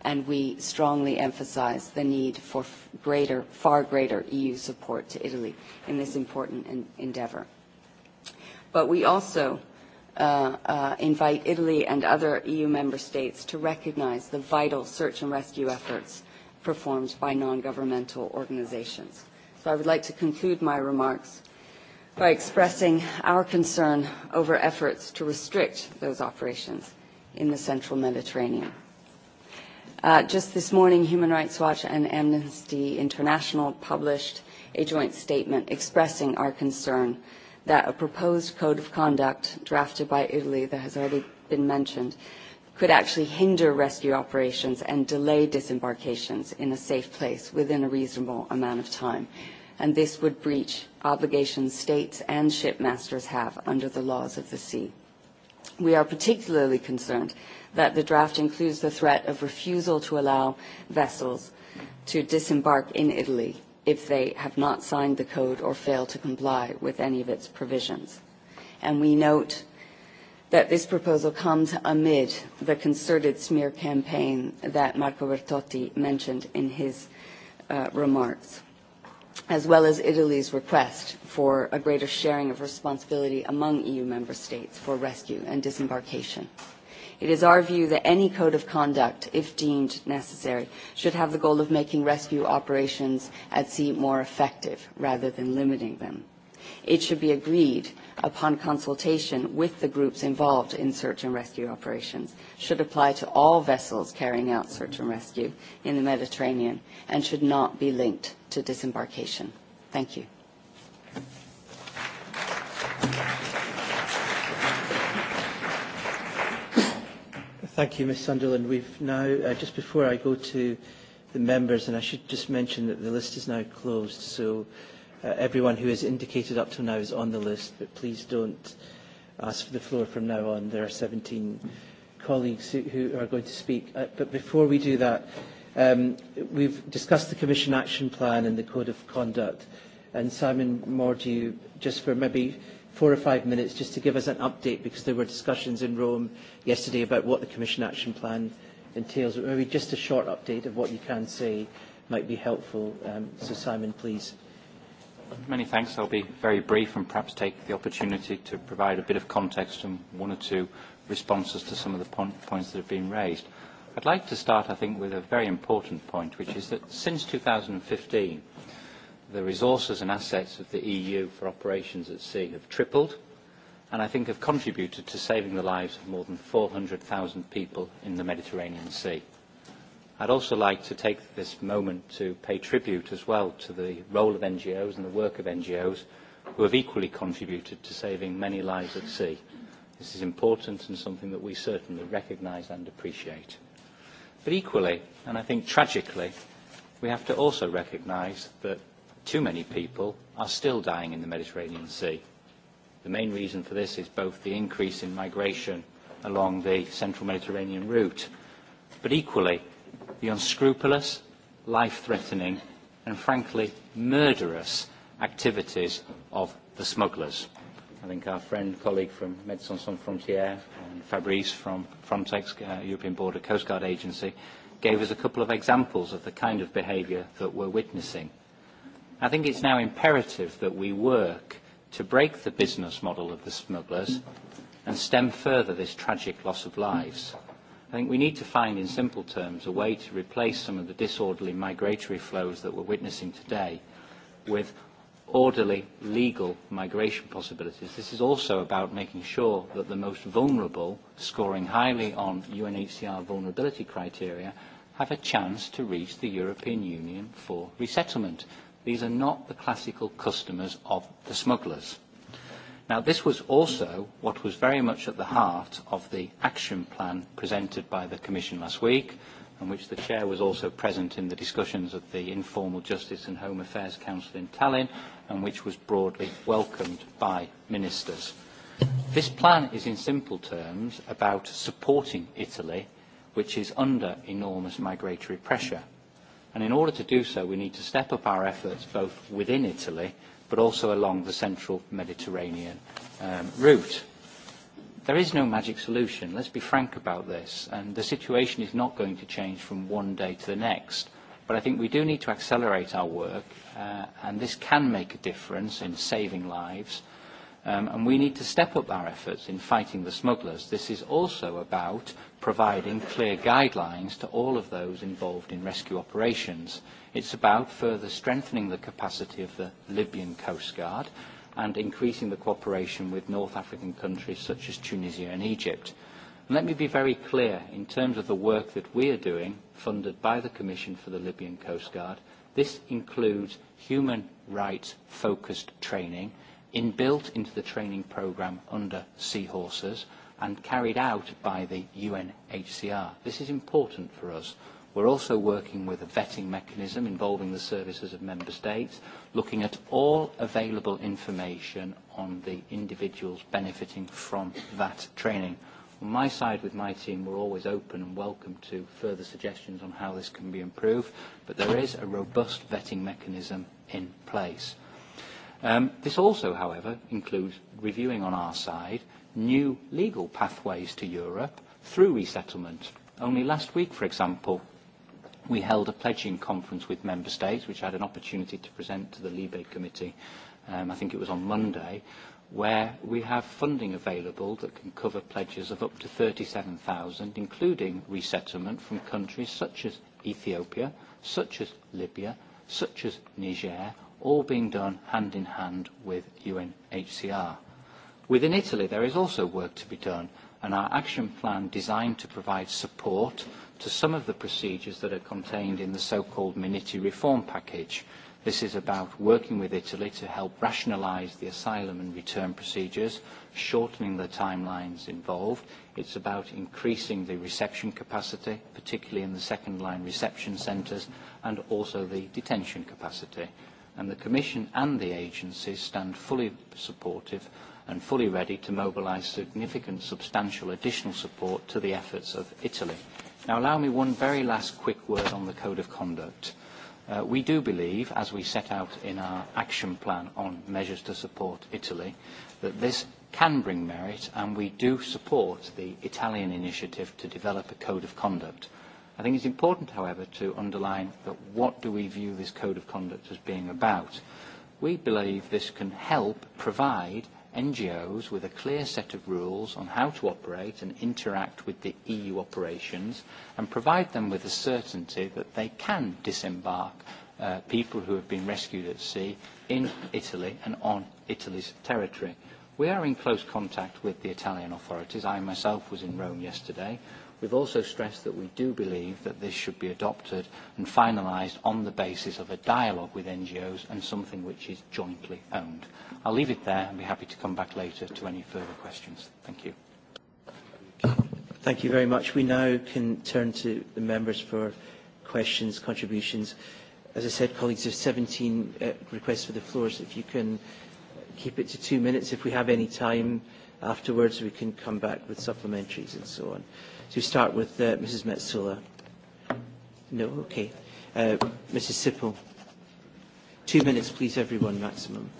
and we strongly emphasize the need for greater, far greater EU support to Italy in this important endeavour. endeavor. But we also uh, uh, invite Italy and other EU member states to recognize the vital search and rescue efforts performed by non-governmental organizations. So I would like to conclude my remarks by expressing our concern over efforts to restrict those operations in the central Mediterranean. Uh, just this morning, Human Rights Watch and Amnesty International published a joint statement expressing our concern that a proposed code of conduct drafted by Italy that has already been mentioned could actually hinder rescue operations and delay disembarkations in a safe place within a reasonable amount of time. And this would breach obligations states and shipmasters have under the laws of the sea. We are particularly concerned that the draft includes the threat of refusal to allow vessels to disembark in Italy if they have not signed the code or fail to comply with any of its provisions. And we note that this proposal comes amid the concerted smear campaign that Marco Bertotti mentioned in his uh, remarks as well as Italy's request for a greater sharing of responsibility among EU member states for rescue and disembarkation. It is our view that any code of conduct, if deemed necessary, should have the goal of making rescue operations at sea more effective rather than limiting them. It should be agreed upon consultation with the groups involved in search and rescue operations should apply to all vessels carrying out search and rescue in the Mediterranean and should not be linked to disembarkation. Thank you. Thank you, Ms. Sunderland. We've now, uh, just before I go to the members, and I should just mention that the list is now closed, so Uh, everyone who is indicated up to now is on the list, but please don't ask for the floor from now on. There are 17 colleagues who, who are going to speak. Uh, but before we do that, um, we've discussed the Commission Action Plan and the Code of Conduct. And Simon Mordew, just for maybe four or five minutes, just to give us an update, because there were discussions in Rome yesterday about what the Commission Action Plan entails. maybe just a short update of what you can say might be helpful. Um, so Simon, please. Many thanks. I'll be very brief and perhaps take the opportunity to provide a bit of context and one or two responses to some of the points that have been raised. I'd like to start, I think, with a very important point, which is that since 2015, the resources and assets of the EU for operations at sea have tripled and I think have contributed to saving the lives of more than 400,000 people in the Mediterranean Sea. I'd also like to take this moment to pay tribute as well to the role of NGOs and the work of NGOs who have equally contributed to saving many lives at sea. This is important and something that we certainly recognise and appreciate. But equally, and I think tragically, we have to also recognise that too many people are still dying in the Mediterranean Sea. The main reason for this is both the increase in migration along the central Mediterranean route, but equally the unscrupulous, life-threatening and frankly murderous activities of the smugglers. I think our friend, colleague from Médecins Sans Frontières and Fabrice from Frontex, uh, European Border Coast Guard Agency, gave us a couple of examples of the kind of behaviour that we're witnessing. I think it's now imperative that we work to break the business model of the smugglers and stem further this tragic loss of lives. I think we need to find, in simple terms, a way to replace some of the disorderly migratory flows that we're witnessing today with orderly, legal migration possibilities. This is also about making sure that the most vulnerable, scoring highly on UNHCR vulnerability criteria, have a chance to reach the European Union for resettlement. These are not the classical customers of the smugglers. Now, this was also what was very much at the heart of the action plan presented by the Commission last week, and which the Chair was also present in the discussions of the Informal Justice and Home Affairs Council in Tallinn, and which was broadly welcomed by ministers. This plan is, in simple terms, about supporting Italy, which is under enormous migratory pressure And in order to do so, we need to step up our efforts both within Italy, but also along the central Mediterranean um, route. There is no magic solution. Let's be frank about this. And the situation is not going to change from one day to the next. But I think we do need to accelerate our work, uh, and this can make a difference in saving lives – Um, and we need to step up our efforts in fighting the smugglers. This is also about providing clear guidelines to all of those involved in rescue operations. It's about further strengthening the capacity of the Libyan Coast Guard and increasing the cooperation with North African countries such as Tunisia and Egypt. let me be very clear, in terms of the work that we are doing, funded by the Commission for the Libyan Coast Guard, this includes human rights-focused training – inbuilt into the training programme under seahorses and carried out by the UNHCR. This is important for us. We're also working with a vetting mechanism involving the services of member states, looking at all available information on the individuals benefiting from that training. On my side with my team, we're always open and welcome to further suggestions on how this can be improved, but there is a robust vetting mechanism in place. Um, this also, however, includes reviewing on our side new legal pathways to Europe through resettlement. Only last week, for example, we held a pledging conference with member states, which I had an opportunity to present to the Libe Committee, um, I think it was on Monday, where we have funding available that can cover pledges of up to 37,000, including resettlement from countries such as Ethiopia, such as Libya, such as Niger, all being done hand in hand with UNHCR. Within Italy, there is also work to be done, and our action plan designed to provide support to some of the procedures that are contained in the so-called Miniti reform package. This is about working with Italy to help rationalise the asylum and return procedures, shortening the timelines involved. It's about increasing the reception capacity, particularly in the second-line reception centres, and also the detention capacity and the Commission and the agencies stand fully supportive and fully ready to mobilise significant, substantial additional support to the efforts of Italy. Now allow me one very last quick word on the Code of Conduct. Uh, we do believe, as we set out in our action plan on measures to support Italy, that this can bring merit and we do support the Italian initiative to develop a code of conduct. I think it's important, however, to underline that what do we view this code of conduct as being about. We believe this can help provide NGOs with a clear set of rules on how to operate and interact with the EU operations and provide them with the certainty that they can disembark uh, people who have been rescued at sea in Italy and on Italy's territory. We are in close contact with the Italian authorities. I myself was in Rome yesterday We've also stressed that we do believe that this should be adopted and finalised on the basis of a dialogue with NGOs and something which is jointly owned. I'll leave it there and be happy to come back later to any further questions. Thank you. Thank you very much. We now can turn to the members for questions, contributions. As I said, colleagues, there's 17 uh, requests for the floors, if you can keep it to two minutes if we have any time. Afterwards, we can come back with supplementaries and so on. So we start with uh, Mrs. Metsula. No? Okay. Uh, Mrs. Sippel. Two minutes, please, everyone, maximum.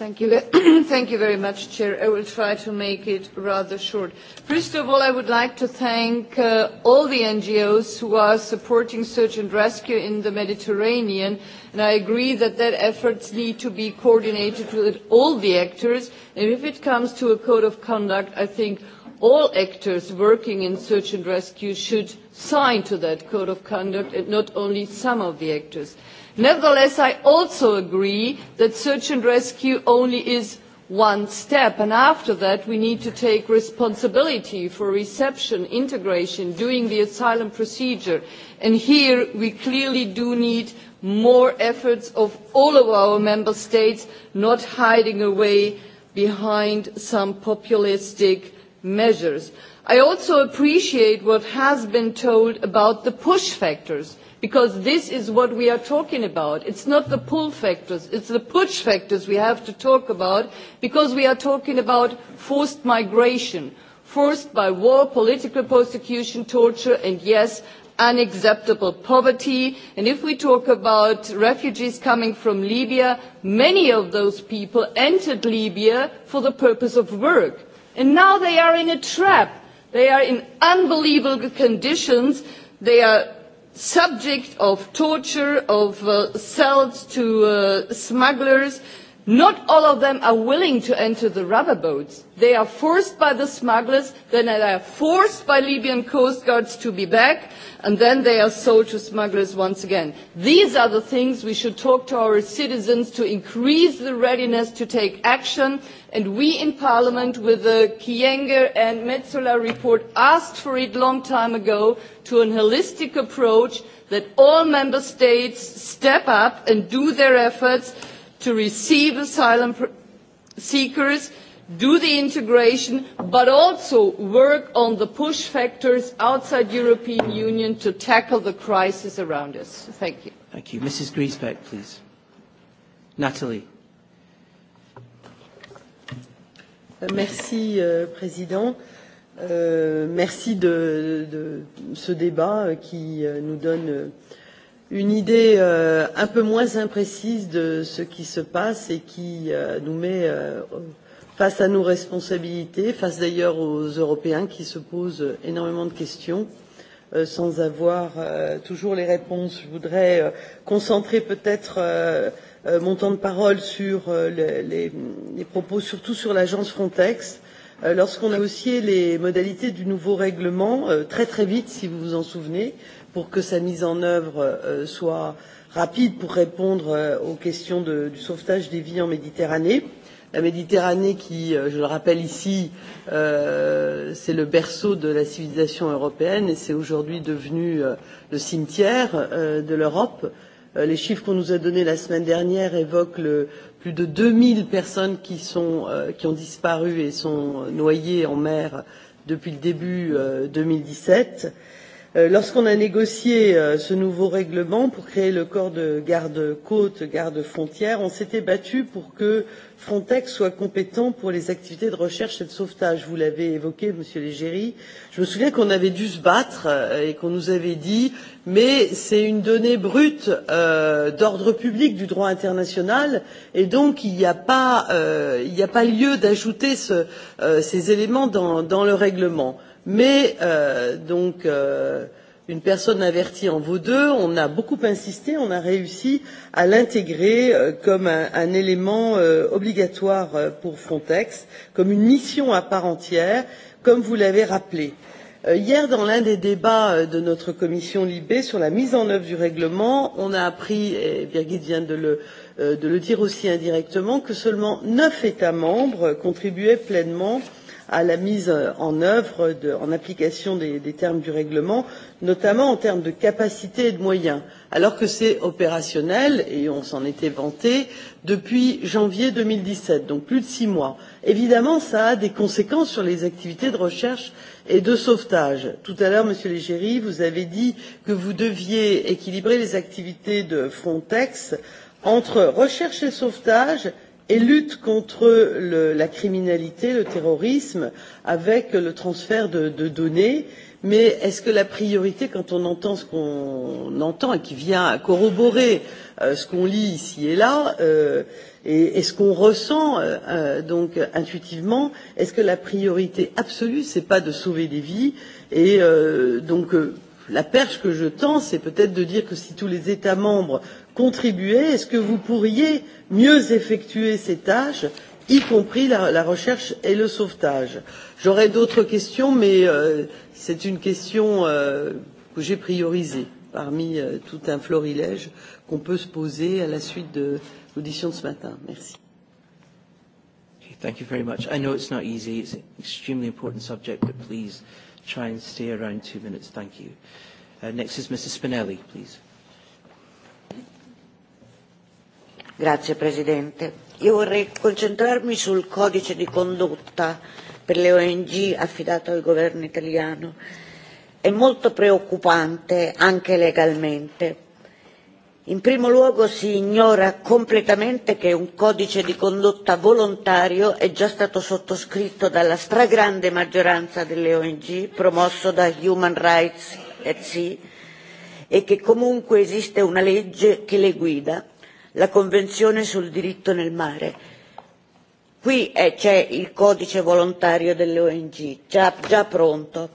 Thank you. [COUGHS] thank you very much, Chair. I will try to make it rather short. First of all, I would like to thank uh, all the NGOs who are supporting search and rescue in the Mediterranean, and I agree that that efforts need to be coordinated with all the actors, and if it comes to a code of conduct, I think all actors working in search and rescue should sign to that code of conduct and not only some of the actors. Nevertheless, I also agree that search and rescue only is one step and after that we need to take responsibility for reception, integration, doing the asylum procedure and here we clearly do need more efforts of all of our member states not hiding away behind some populistic measures. I also appreciate what has been told about the push factors because this is what we are talking about. It's not the pull factors, it's the push factors we have to talk about because we are talking about forced migration, forced by war, political persecution, torture, and yes, unacceptable poverty. And if we talk about refugees coming from Libya, many of those people entered Libya for the purpose of work And now they are in a trap. They are in unbelievable conditions. They are subject of torture, of uh, to uh, smugglers Not all of them are willing to enter the rubber boats. They are forced by the smugglers, then they are forced by Libyan coast guards to be back, and then they are sold to smugglers once again. These are the things we should talk to our citizens to increase the readiness to take action, and we in Parliament, with the Kyenge and Metzola report, asked for it a long time ago to an holistic approach that all member states step up and do their efforts to receive asylum seekers do the integration but also work on the push factors outside the European Union to tackle the crisis around us. Thank you. Thank you. Mrs. Griesbeck, please. natalie. Euh, merci, euh, Président. Euh, merci de, de ce débat euh, qui euh, nous donne euh, une idée euh, un peu moins imprécise de ce qui se passe et qui euh, nous met euh, face à nos responsabilités, face d'ailleurs aux Européens qui se posent énormément de questions sans avoir toujours les réponses. Je voudrais concentrer peut-être mon temps de parole sur les, les, propos surtout sur l'agence Frontex. Lorsqu'on a aussi les modalités du nouveau règlement, très très vite si vous vous en souvenez, pour que sa mise en œuvre euh, soit rapide pour répondre euh, aux questions de, du sauvetage des vies en Méditerranée. La Méditerranée qui, euh, je le rappelle ici, euh, c'est le berceau de la civilisation européenne et c'est aujourd'hui devenu le cimetière de l'Europe. Les chiffres qu'on nous a donnés la semaine dernière évoquent le, plus de 2000 personnes qui, sont, qui ont disparu et sont noyées en mer depuis le début 2017. Euh, lorsqu'on a négocié euh, ce nouveau règlement pour créer le corps de garde côte, garde frontières on s'était battu pour que frontex soit compétent pour les activités de recherche et de sauvetage vous l'avez évoqué monsieur Légéry, je me souviens qu'on avait dû se battre euh, et qu'on nous avait dit mais c'est une donnée brute d'ordre public du droit international et donc il n'y a pas a pas lieu d'ajouter ce, ces éléments dans dans le règlement mais euh, donc euh, une personne avertie en vaut deux on a beaucoup insisté on a réussi à l'intégrer euh, comme un, un élément euh, obligatoire euh, pour frontex comme une mission à part entière comme vous l'avez rappelé. Euh, hier dans l'un des débats de notre commission libe sur la mise en œuvre du règlement on a appris et birgit vient de le de le dire aussi indirectement que seulement neuf états membres contribuaient pleinement à la mise en œuvre de, en application des, des termes du règlement notamment en termes de capacité et de moyens alors que c'est opérationnel et on s'en était vanté depuis janvier deux mille dix sept donc plus de six mois. évidemment cela a des conséquences sur les activités de recherche et de sauvetage. tout à l'heure monsieur Légéry, vous avez dit que vous deviez équilibrer les activités de frontex entre recherche et sauvetage et lutte contre le, la criminalité, le terrorisme, avec le transfert de, de données. Mais est-ce que la priorité, quand on entend ce qu'on entend et qui vient corroborer euh, ce qu'on lit ici et là, euh, et, est ce qu'on ressent euh, euh, donc intuitivement, est-ce que la priorité absolue, c'est pas de sauver des vies Et euh, donc euh, la perche que je tends, c'est peut-être de dire que si tous les États membres contribuer Est ce que vous pourriez mieux effectuer ces tâches, y compris la, la recherche et le sauvetage? J'aurais d'autres questions, mais euh, c'est une question euh, que j'ai priorisée parmi euh, tout un florilège qu'on peut se poser à la suite de l'audition de ce matin. Merci. thank you very much. I know it's not easy. It's an extremely important subject, but please try and stay around two minutes. Thank you. Uh, next is Mrs. Spinelli, please. Grazie Presidente. Io vorrei concentrarmi sul codice di condotta per le ONG affidato al governo italiano. È molto preoccupante anche legalmente. In primo luogo si ignora completamente che un codice di condotta volontario è già stato sottoscritto dalla stragrande maggioranza delle ONG, promosso da Human Rights at Sea, e che comunque esiste una legge che le guida la convenzione sul diritto nel mare qui eh, c'è il codice volontario delle ong già, pronto.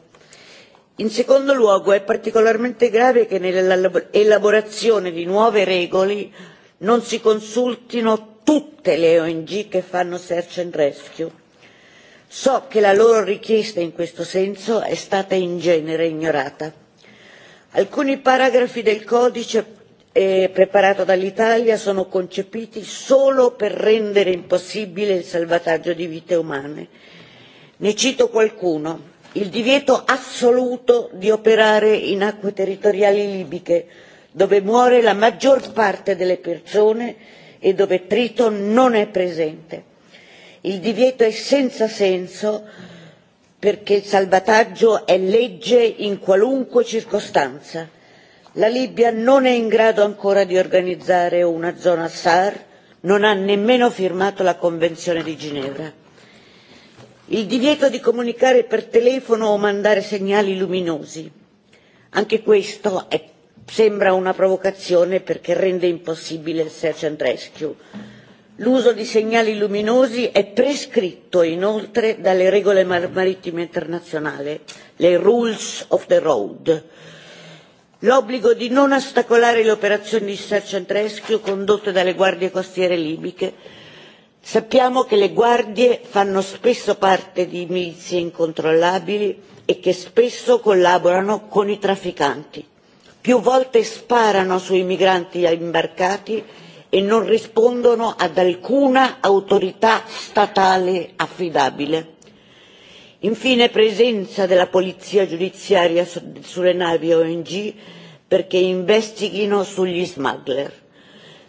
in secondo luogo è particolarmente grave che nell'elaborazione di nuove regole non si consultino tutte le ong che fanno search and rescue. so che la loro richiesta in questo senso è stata in genere ignorata. alcuni paragrafi del codice Eh, preparato dall'Italia sono concepiti solo per rendere impossibile il salvataggio di vite umane. Ne cito qualcuno il divieto assoluto di operare in acque territoriali libiche, dove muore la maggior parte delle persone e dove Triton non è presente. Il divieto è senza senso perché il salvataggio è legge in qualunque circostanza la libia non è in grado ancora di organizzare una zona sar non ha nemmeno firmato la convenzione di ginevra. il divieto di comunicare per telefono o mandare segnali luminosi anche questo è, sembra una provocazione perché rende impossibile il search and rescue. l'uso di segnali luminosi è prescritto inoltre dalle regole marittime internazionali le rules of the road l'obbligo di non ostacolare le operazioni di search and rescue condotte dalle guardie costiere libiche sappiamo che le guardie fanno spesso parte di milizie incontrollabili e che spesso collaborano con i trafficanti più volte sparano sui migranti imbarcati e non rispondono ad alcuna autorità statale affidabile infine presenza della polizia giudiziaria sulle navi ong perché investighino sugli smuggler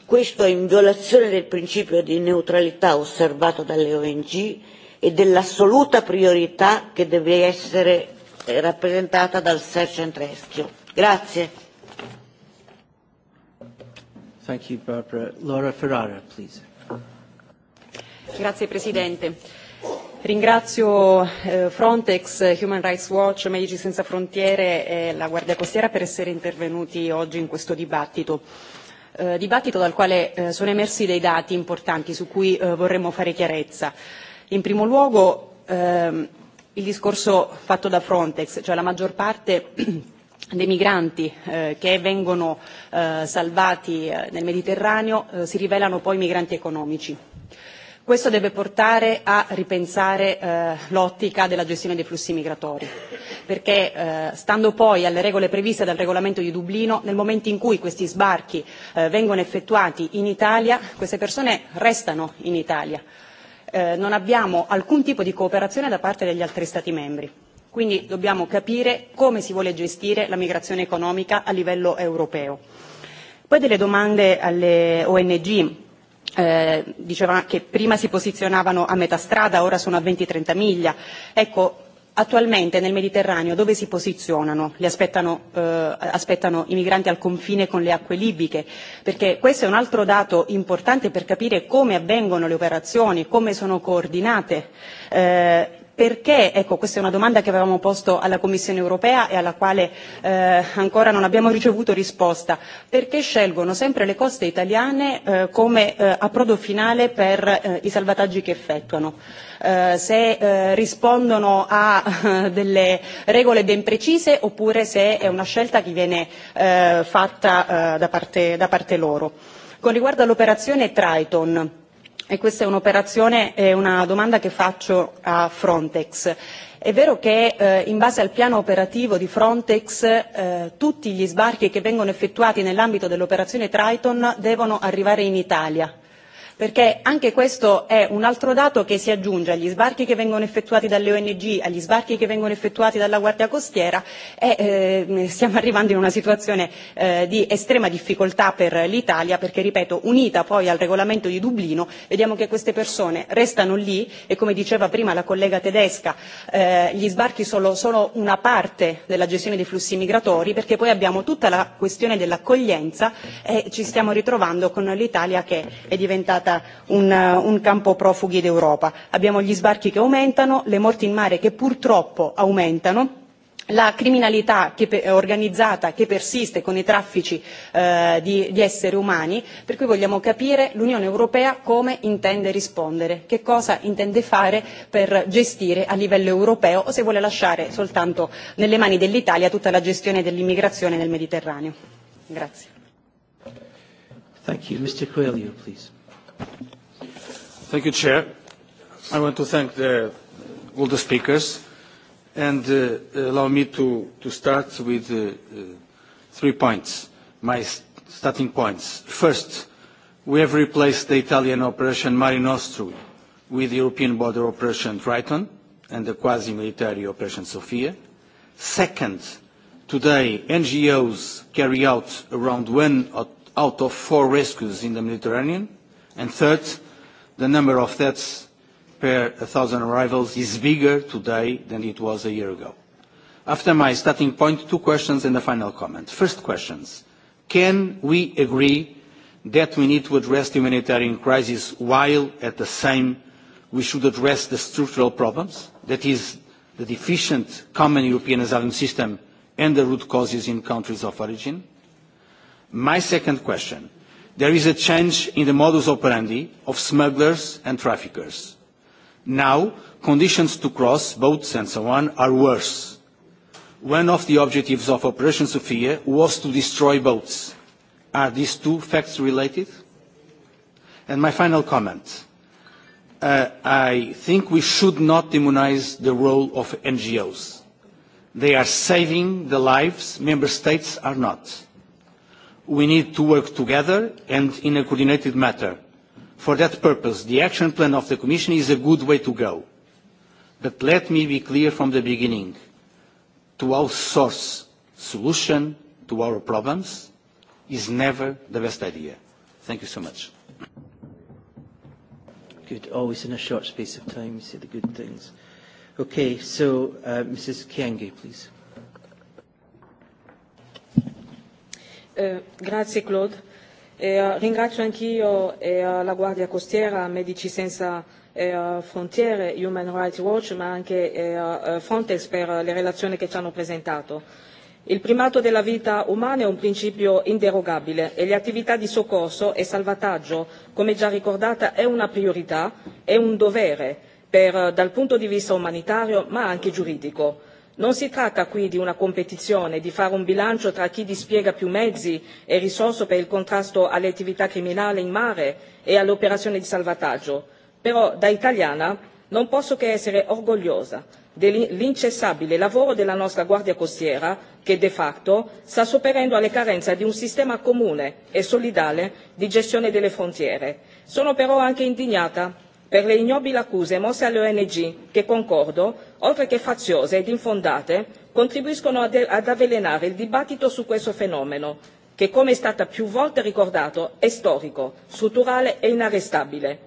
questo è in violazione del principio di neutralità osservato dalle ong e dell'assoluta priorità che deve essere eh, rappresentata dal search and rescue. Grazie. Thank you, Barbara. Laura Ferrara, please. Grazie Presidente Ringrazio eh, Frontex, eh, Human Rights Watch, Medici Senza Frontiere e la Guardia Costiera per essere intervenuti oggi in questo dibattito. Eh, dibattito dal quale eh, sono emersi dei dati importanti su cui vorremmo fare chiarezza. In primo luogo ehm, il discorso fatto da Frontex, cioè la maggior parte [CLEARS THROAT] dei migranti eh, che vengono eh, salvati nel Mediterraneo si rivelano poi migranti economici questo deve portare a ripensare eh, l'ottica della gestione dei flussi migratori perché eh, stando poi alle regole previste dal regolamento di dublino nel momento in cui questi sbarchi eh, vengono effettuati in italia queste persone restano in italia non abbiamo alcun tipo di cooperazione da parte degli altri stati membri quindi dobbiamo capire come si vuole gestire la migrazione economica a livello europeo poi delle domande alle ong Eh, diceva che prima si posizionavano a metà strada, ora sono a 20-30 miglia. Ecco, attualmente nel Mediterraneo dove si posizionano? Li eh, aspettano, i migranti al confine con le acque libiche? Perché questo è un altro dato importante per capire come avvengono le operazioni, come sono coordinate. Eh, perché ecco questa è una domanda che avevamo posto alla Commissione europea e alla quale eh, ancora non abbiamo [LAUGHS] ricevuto risposta perché scelgono sempre le coste italiane eh, come eh, approdo finale per i salvataggi che effettuano se rispondono a [LAUGHS] delle regole ben precise oppure se è una scelta che viene fatta da parte da parte loro con riguardo all'operazione Triton e questa è un'operazione è una domanda che faccio a Frontex. È vero che eh, in base al piano operativo di Frontex eh, tutti gli sbarchi che vengono effettuati nell'ambito dell'operazione Triton devono arrivare in Italia perché anche questo è un altro dato che si aggiunge agli sbarchi che vengono effettuati dalle ong agli sbarchi che vengono effettuati dalla guardia costiera e ehm, stiamo arrivando in una situazione eh, di estrema difficoltà per l'italia perché ripeto unita poi al regolamento di dublino vediamo che queste persone restano lì e come diceva prima la collega tedesca eh, gli sbarchi sono solo una parte della gestione dei flussi migratori perché poi abbiamo tutta la questione dell'accoglienza e ci stiamo ritrovando con l'italia che è diventata diventata un, eh, un campo profughi d'Europa. Abbiamo gli sbarchi che aumentano, le morti in mare che purtroppo aumentano la criminalità che, organizzata che persiste con i traffici eh, di, esseri umani per cui vogliamo capire l'unione europea come intende rispondere che cosa intende fare per gestire a livello europeo o se vuole lasciare soltanto nelle mani dell'italia tutta la gestione dell'immigrazione nel mediterraneo. Grazie. Thank you, Chair. I want to thank the, all the speakers and uh, allow me to, to start with uh, uh three points, my starting points. First, we have replaced the Italian operation Mari Nostru with the European border operation Triton and the quasi-military operation SOFIA. Second, today NGOs carry out around one out of four rescues in the Mediterranean And third, the number of deaths per 1,000 arrivals is bigger today than it was a year ago. After my starting point, two questions and a final comment. First questions. Can we agree that we need to address the humanitarian crisis while at the same we should address the structural problems? That is, the deficient common European asylum system and the root causes in countries of origin. My second question There is a change in the modus operandi of smugglers and traffickers. Now, conditions to cross boats and so on are worse. One of the objectives of Operation Sophia was to destroy boats. Are these two facts related? And my final comment. Uh, I think we should not demonize the role of NGOs. They are saving the lives member states are not we need to work together and in a coordinated manner. For that purpose, the action plan of the Commission is a good way to go. But let me be clear from the beginning. To outsource solution to our problems is never the best idea. Thank you so much. Good. Always in a short space of time, you see the good things. Okay, so uh, Mrs. Kiangi, please. Eh, grazie Claude. E, eh, ringrazio anch'io eh, la Guardia Costiera, Medici Senza eh, Frontiere, Human Rights Watch, ma anche eh, Frontex per le relazioni che ci hanno presentato. Il primato della vita umana è un principio inderogabile e le attività di soccorso e salvataggio, come già ricordata, è una priorità, è un dovere per, dal punto di vista umanitario ma anche giuridico non si tratta qui di una competizione di fare un bilancio tra chi dispiega più mezzi e risorse per il contrasto alle attività criminali in mare e alle operazioni di salvataggio però da italiana non posso che essere orgogliosa dell'incessabile lavoro della nostra guardia costiera che de facto sta sopperendo alle carenze di un sistema comune e solidale di gestione delle frontiere. sono però anche indignata per le ignobili accuse mosse alle ong che concordo oltre che faziose ed infondate contribuiscono ad, ad avvelenare il dibattito su questo fenomeno che come è stato più volte ricordato è storico strutturale e inarrestabile.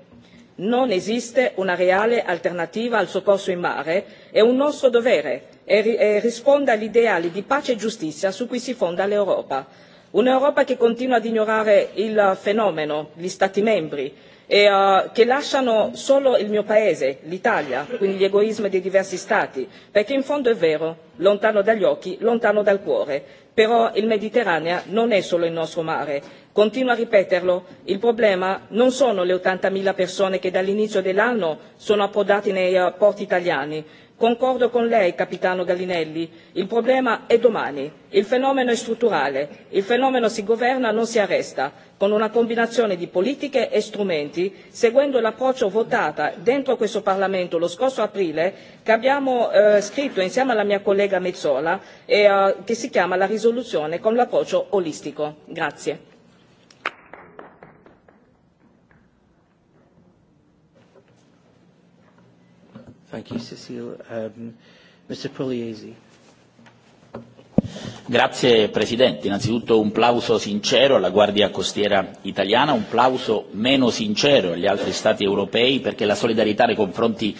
non esiste una reale alternativa al soccorso in mare è un nostro dovere e, e risponde agli ideali di pace e giustizia su cui si fonda l'europa un'europa che continua ad ignorare il fenomeno gli stati membri e che lasciano solo il mio paese l'italia quindi gli egoismi dei diversi stati perché in fondo è vero lontano dagli occhi lontano dal cuore però il mediterraneo non è solo il nostro mare continuo a ripeterlo il problema non sono le 80.000 persone che dall'inizio dell'anno sono approdate nei porti italiani concordo con lei capitano gallinelli il problema è domani il fenomeno è strutturale il fenomeno si governa non si arresta con una combinazione di politiche e strumenti seguendo l'approccio votato dentro questo parlamento lo scorso aprile che abbiamo eh, scritto insieme alla mia collega Mezzola, e eh, che si chiama la risoluzione con l'approccio olistico. grazie. Thank you, Cecile. Um, Mr. Pugliese. Grazie Presidente, innanzitutto un plauso sincero alla Guardia Costiera italiana, un plauso meno sincero agli altri Stati europei perché la solidarietà nei confronti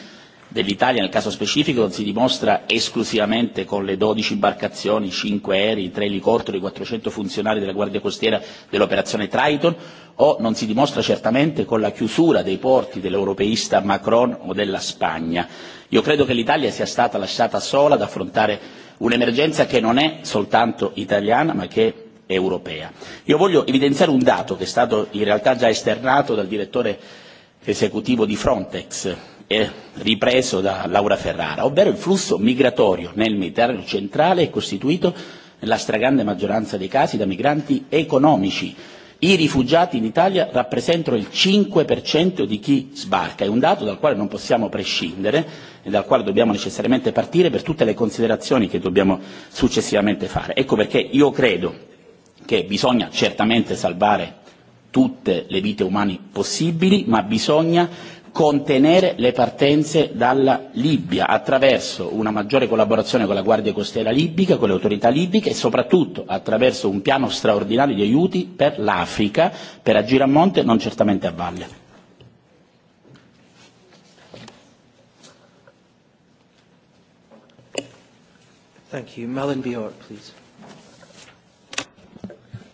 dell'Italia nel caso specifico si dimostra esclusivamente con le 12 imbarcazioni, 5 aerei, 3 elicotteri, 400 funzionari della Guardia Costiera dell'operazione Triton o non si dimostra certamente con la chiusura dei porti dell'europeista Macron o della Spagna. Io credo che l'Italia sia stata lasciata sola ad affrontare un'emergenza che non è soltanto italiana ma che è europea. Io voglio evidenziare un dato che è stato in realtà già esternato dal direttore esecutivo di Frontex ripreso da Laura Ferrara, ovvero il flusso migratorio nel Mediterraneo centrale è costituito nella stragrande maggioranza dei casi da migranti economici. I rifugiati in Italia rappresentano il 5% di chi sbarca, è un dato dal quale non possiamo prescindere e dal quale dobbiamo necessariamente partire per tutte le considerazioni che dobbiamo successivamente fare. Ecco perché io credo che bisogna certamente salvare tutte le vite umane possibili, ma bisogna contenere le partenze dalla Libia attraverso una maggiore collaborazione con la Guardia Costiera libica, con le autorità libiche e soprattutto attraverso un piano straordinario di aiuti per l'Africa per agire a monte non certamente a valle. Thank you. Malin Bjork, please.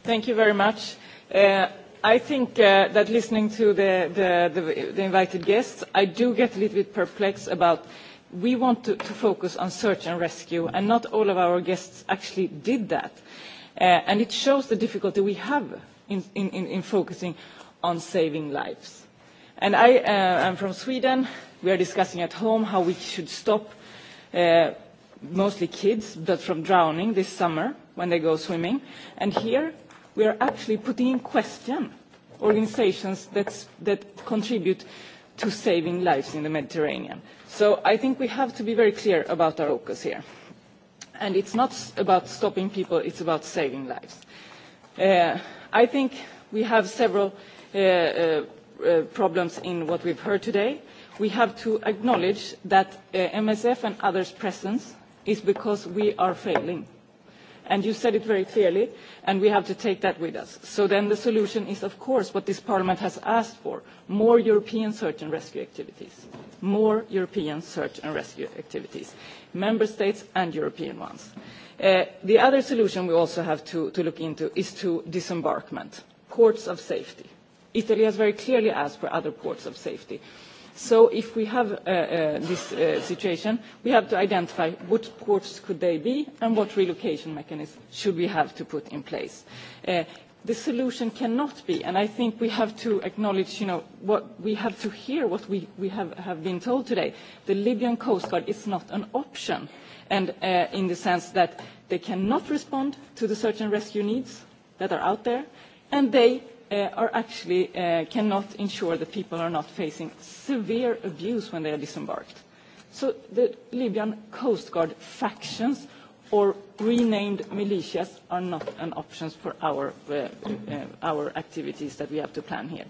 Thank you very much. Uh, i think uh, that listening to the, the, the, the invited guests, I do get a little bit perplexed about we want to, to focus on search and rescue, and not all of our guests actually did that. Uh, and it shows the difficulty we have in, in, in focusing on saving lives. And I uh, am from Sweden. We are discussing at home how we should stop uh, mostly kids, but from drowning this summer when they go swimming. And here we are actually putting in question organisations that, that contribute to saving lives in the Mediterranean. So I think we have to be very clear about our focus here. And it's not about stopping people, it's about saving lives. Uh, I think we have several uh, uh, uh problems in what we've heard today. We have to acknowledge that uh, MSF and others' presence is because we are failing and you said it very clearly and we have to take that with us. so then the solution is of course what this parliament has asked for more european search and rescue activities more european search and rescue activities member states and european ones. Uh, the other solution we also have to, to look into is to disembarkment ports of safety. italy has very clearly asked for other ports of safety So if we have uh, uh, this uh, situation, we have to identify what ports could they be and what relocation mechanism should we have to put in place. Uh, the solution cannot be, and I think we have to acknowledge, you know, what we have to hear what we, we have, have been told today. The Libyan Coast Guard is not an option, and uh, in the sense that they cannot respond to the search and rescue needs that are out there, and they Uh, are actually uh, cannot ensure that people are not facing severe abuse when they are disembarked. So the Libyan Coast Guard factions or renamed militias are not an option for our, uh, uh our activities that we have to plan here.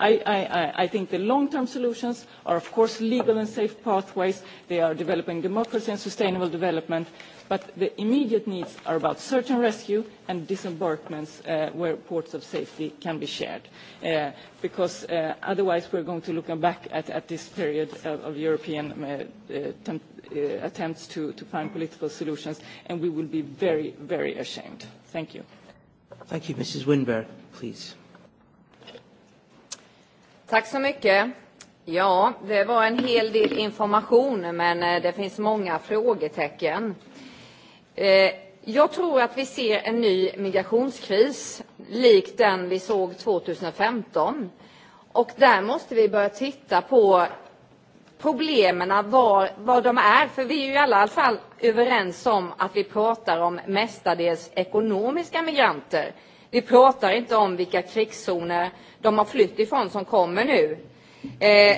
I, I, I think the long-term solutions are, of course, legal and safe pathways. They are developing democracy and sustainable development, but the immediate needs are about search and rescue and disembarkments uh, where ports of safety can be shared, uh, because uh, otherwise we're going to look back at, at this period of, of European uh, uh, uh, attempts to, to find political solutions, and we will be very, very ashamed. Thank you. Thank you. Mrs. Winberg, please. Tack så mycket. Ja, det var en hel del information, men eh, det finns många frågetecken. Eh, jag tror att vi ser en ny migrationskris lik den vi såg 2015. Och där måste vi börja titta på problemen, var, var de är. För vi är ju i alla fall överens om att vi pratar om mestadels ekonomiska migranter. Vi pratar inte om vilka krigszoner de har flytt ifrån som kommer nu. Eh,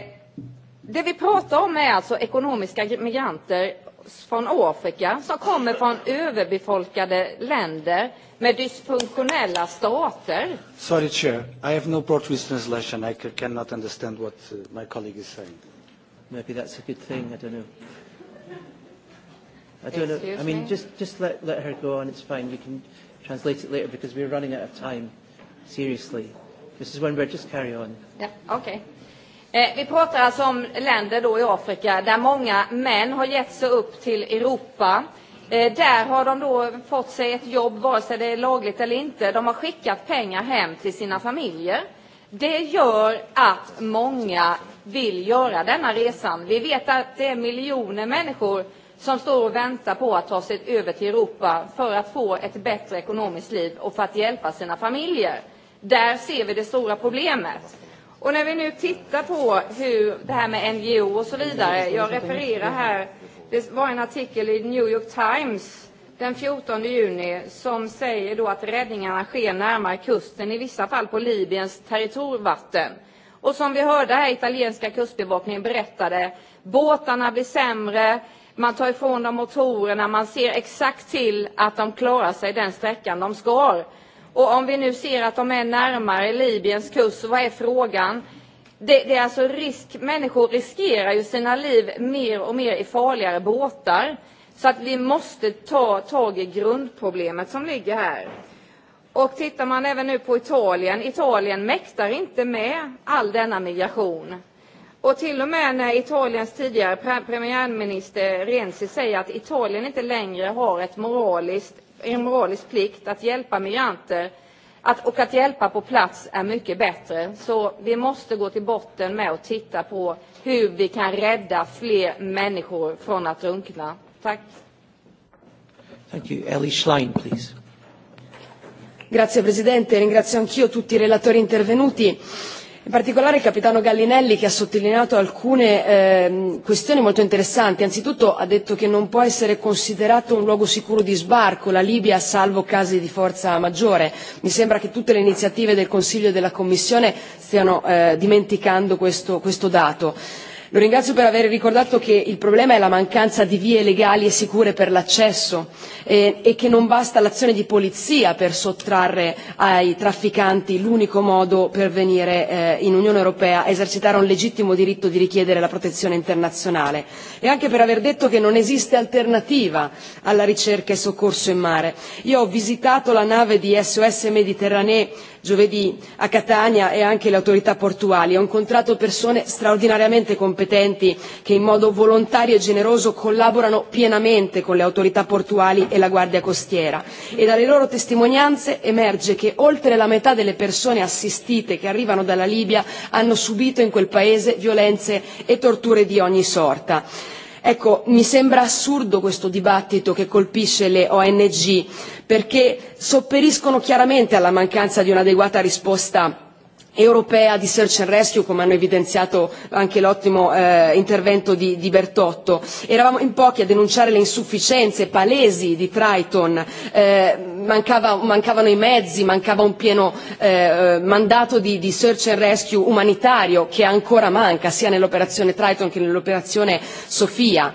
det vi pratar om är alltså ekonomiska migranter från Afrika som kommer från överbefolkade länder med dysfunktionella stater. Sorry chair, I have no Portuguese translation. I cannot understand what uh, my colleague is saying. Maybe that's a good thing, I don't know. I don't know. I mean, just, just let, let her go on. It's fine. We can translate it later because we're running out of time. Seriously. This is when we're just carry on. Yeah, okay. Eh, vi pratar alltså om länder då i Afrika där många män har gett sig upp till Europa. Eh, där har de då fått sig ett jobb, vare sig det är lagligt eller inte. De har skickat pengar hem till sina familjer. Det gör att många vill göra denna resan. Vi vet att det är miljoner människor som står och väntar på att ta sig över till Europa för att få ett bättre ekonomiskt liv och för att hjälpa sina familjer. Där ser vi det stora problemet. Och när vi nu tittar på hur det här med NGO och så vidare. Jag refererar här, det var en artikel i New York Times den 14 juni som säger då att räddningarna sker närmare kusten, i vissa fall på Libyens territorvatten. Och som vi hörde här, italienska kustbevakningen berättade, båtarna blir sämre, man tar ifrån dem motorerna, man ser exakt till att de klarar sig den sträckan de ska. Och om vi nu ser att de är närmare Libyens kust, så vad är frågan? Det, är alltså risk, människor riskerar ju sina liv mer och mer i farligare båtar. Så att vi måste ta tag i grundproblemet som ligger här. Och tittar man även nu på Italien, Italien mäktar inte med all denna migration. Och till och med när Italiens tidigare premiärminister Renzi säger att Italien inte längre har ett moraliskt en moralisk plikt att hjälpa migranter att, och att hjälpa på plats är mycket bättre. Så vi måste gå till botten med och titta på hur vi kan rädda fler människor från att drunkna. Tack. Thank you. Ellie Schlein, please. Grazie Presidente, ringrazio anch'io tutti i relatori intervenuti in particolare il capitano gallinelli che ha sottolineato alcune ehm, questioni molto interessanti anzitutto ha detto che non può essere considerato un luogo sicuro di sbarco la libia salvo casi di forza maggiore mi sembra che tutte le iniziative del consiglio e della commissione stiano eh, dimenticando questo dato lo ringrazio per aver ricordato che il problema è la mancanza di vie legali e sicure per l'accesso eh, e che non basta l'azione di polizia per sottrarre ai trafficanti l'unico modo per venire eh, in unione europea a esercitare un legittimo diritto di richiedere la protezione internazionale e anche per aver detto che non esiste alternativa alla ricerca e soccorso in mare. io ho visitato la nave di sos mediterranee giovedì a Catania e anche le autorità portuali. Ho incontrato persone straordinariamente competenti che in modo volontario e generoso collaborano pienamente con le autorità portuali e la Guardia Costiera e dalle loro testimonianze emerge che oltre la metà delle persone assistite che arrivano dalla Libia hanno subito in quel paese violenze e torture di ogni sorta ecco mi sembra assurdo questo dibattito che colpisce le ong perché sopperiscono chiaramente alla mancanza di un'adeguata risposta europea di search and rescue come hanno evidenziato anche l'ottimo eh, intervento di, Bertotto. Eravamo in pochi a denunciare le insufficienze palesi di Triton, eh, mancavano i mezzi, mancava un pieno eh, mandato di, di search and rescue umanitario che ancora manca sia nell'operazione Triton che nell'operazione Sofia.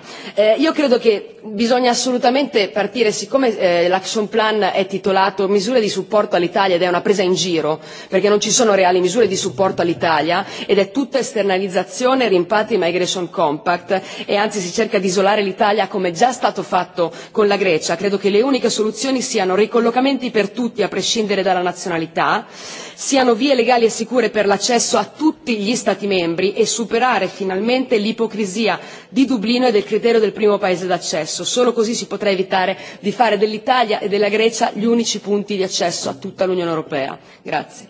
Io credo che bisogna assolutamente partire siccome eh, l'action plan è titolato misure di supporto all'italia ed è una presa in giro perché non ci sono reali misure di supporto all'italia ed è tutta esternalizzazione rimpatri migration compact e anzi si cerca di isolare l'italia come è già stato fatto con la grecia credo che le uniche soluzioni siano ricollocamenti per tutti a prescindere dalla nazionalità siano vie legali e sicure per l'accesso a tutti gli stati membri e superare finalmente l'ipocrisia di dublino e del criterio del primo paese d'accesso solo così si potrà evitare di fare dell'italia e della grecia gli unici punti di accesso a tutta l'unione europea. Grazie.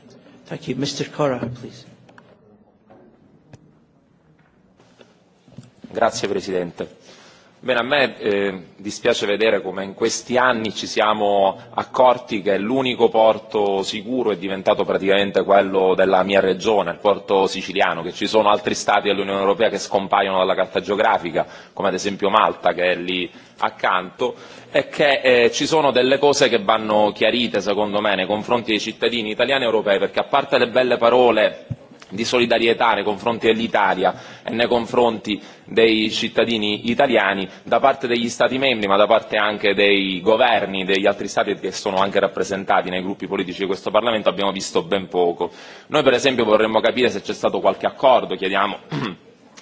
Mr. Presidente Bene, a me eh, dispiace vedere come in questi anni ci siamo accorti che l'unico porto sicuro è diventato praticamente quello della mia regione, il porto siciliano, che ci sono altri stati dell'Unione Europea che scompaiono dalla carta geografica, come ad esempio Malta che è lì accanto, e che eh, ci sono delle cose che vanno chiarite secondo me nei confronti dei cittadini italiani e europei, perché a parte le belle parole di solidarietà nei confronti dell'Italia e nei confronti dei cittadini italiani da parte degli Stati membri ma da parte anche dei governi degli altri Stati che sono anche rappresentati nei gruppi politici di questo Parlamento abbiamo visto ben poco. Noi per esempio vorremmo capire se c'è stato qualche accordo, chiediamo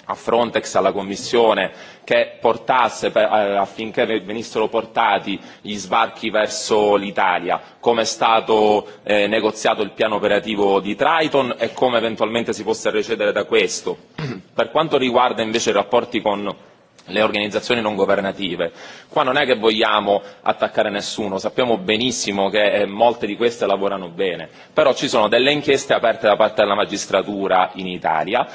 a Frontex, alla Commissione, che portasse eh, affinché venissero portati gli sbarchi verso l'Italia, come è stato eh, negoziato il piano operativo di Triton e come eventualmente si possa recedere da questo. [CLEARS THROAT] Per quanto riguarda invece i rapporti con le organizzazioni non governative. Qua non è che vogliamo attaccare nessuno, sappiamo benissimo che eh, molte di queste lavorano bene, però ci sono delle inchieste aperte da parte della magistratura in Italia,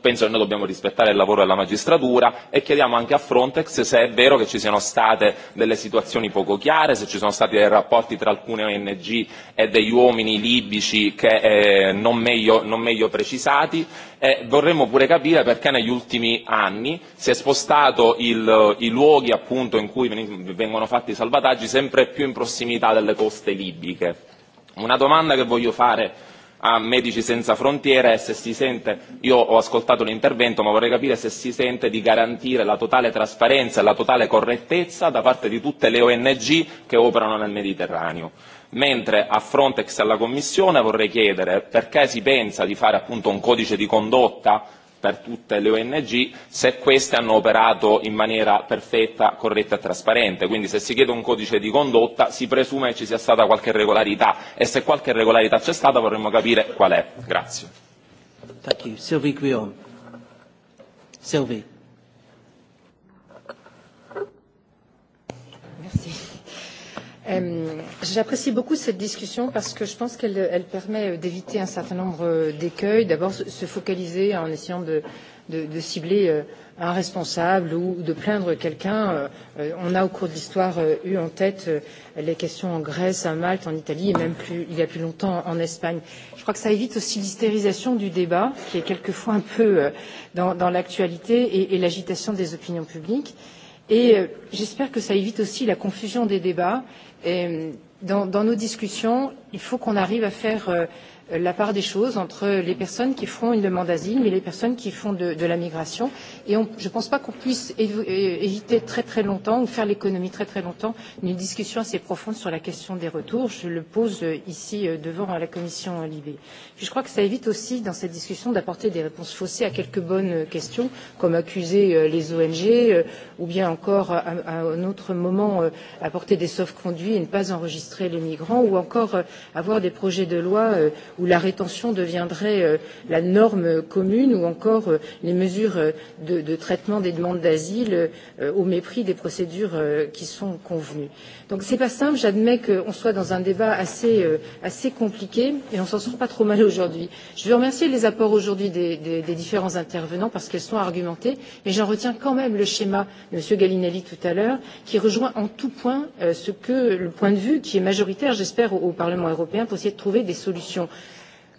penso che noi dobbiamo rispettare il lavoro della magistratura e chiediamo anche a Frontex se è vero che ci siano state delle situazioni poco chiare, se ci sono stati dei rapporti tra alcune ONG e degli uomini libici che eh, non, meglio, non meglio precisati e vorremmo pure capire perché negli ultimi anni si è spostato il, i luoghi appunto in cui vengono fatti i salvataggi sempre più in prossimità delle coste libiche. Una domanda che voglio fare a Medici Senza Frontiere è se si sente, io ho ascoltato l'intervento ma vorrei capire se si sente di garantire la totale trasparenza e la totale correttezza da parte di tutte le ONG che operano nel Mediterraneo mentre a Frontex e alla Commissione vorrei chiedere perché si pensa di fare appunto un codice di condotta per tutte le ONG se queste hanno operato in maniera perfetta, corretta e trasparente. Quindi se si chiede un codice di condotta si presume che ci sia stata qualche irregolarità e se qualche irregolarità c'è stata vorremmo capire qual è. Grazie. Euh, j'apprécie beaucoup cette discussion parce que je pense qu'elle elle permet d'éviter un certain nombre d'écueils. D'abord, se focaliser en essayant de, de, de cibler euh, un responsable ou de plaindre quelqu'un. Euh, on a au cours de l'histoire eu en tête les questions en Grèce, à Malte, en Italie et même plus, il y a plus longtemps en Espagne. Je crois que ça évite aussi l'hystérisation du débat qui est quelquefois un peu dans, dans l'actualité et, et l'agitation des opinions publiques Et euh, j'espère que ça évite aussi la confusion des débats. Et, euh, dans, dans nos discussions, il faut qu'on arrive à faire euh, Euh, la part des choses entre les personnes qui font une demande d'asile et les personnes qui font de, de la migration et on, je ne pense pas qu'on puisse éviter très très longtemps ou faire l'économie très très longtemps d'une discussion assez profonde sur la question des retours. Je le pose euh, ici euh, devant la commission Libé. Puis je crois que ça évite aussi dans cette discussion d'apporter des réponses faussées à quelques bonnes questions comme accuser les ONG ou bien encore à, à un autre moment apporter des sauf-conduits et ne pas enregistrer les migrants ou encore avoir des projets de loi où la rétention deviendrait euh, la norme commune ou encore euh, les mesures euh, de, de traitement des demandes d'asile au mépris des procédures qui sont convenues. Donc c'est pas simple, j'admets qu'on soit dans un débat assez, assez compliqué et on s'en sort pas trop mal aujourd'hui. Je veux remercier les apports aujourd'hui des, des, des différents intervenants parce qu'elles sont argumentées, mais j'en retiens quand même le schéma de M. Gallinelli tout à l'heure qui rejoint en tout point ce que le point de vue qui est majoritaire, j'espère, au, au Parlement européen pour essayer de trouver des solutions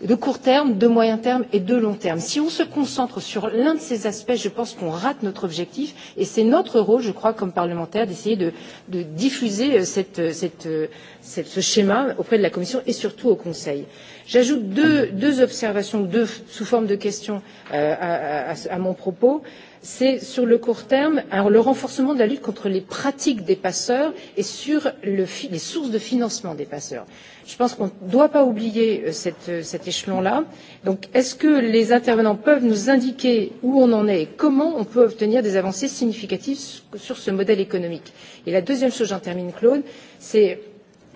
de court terme, de moyen terme et de long terme. Si on se concentre sur l'un de ces aspects, je pense qu'on rate notre objectif et c'est notre rôle, je crois, comme parlementaire, d'essayer de, de diffuser euh, cette, euh, cette, euh, cette, ce schéma auprès de la Commission et surtout au Conseil. J'ajoute deux, deux observations, deux sous forme de questions euh, à, à, à mon propos c'est sur le court terme alors, le renforcement de la lutte contre les pratiques des passeurs et sur les sources de financement des passeurs. Je pense qu'on ne doit pas oublier euh, cette, euh, cet échelon-là. Donc, est-ce que les intervenants peuvent nous indiquer où on en est et comment on peut obtenir des avancées significatives sur ce modèle économique Et la deuxième chose, j'en termine, Claude, c'est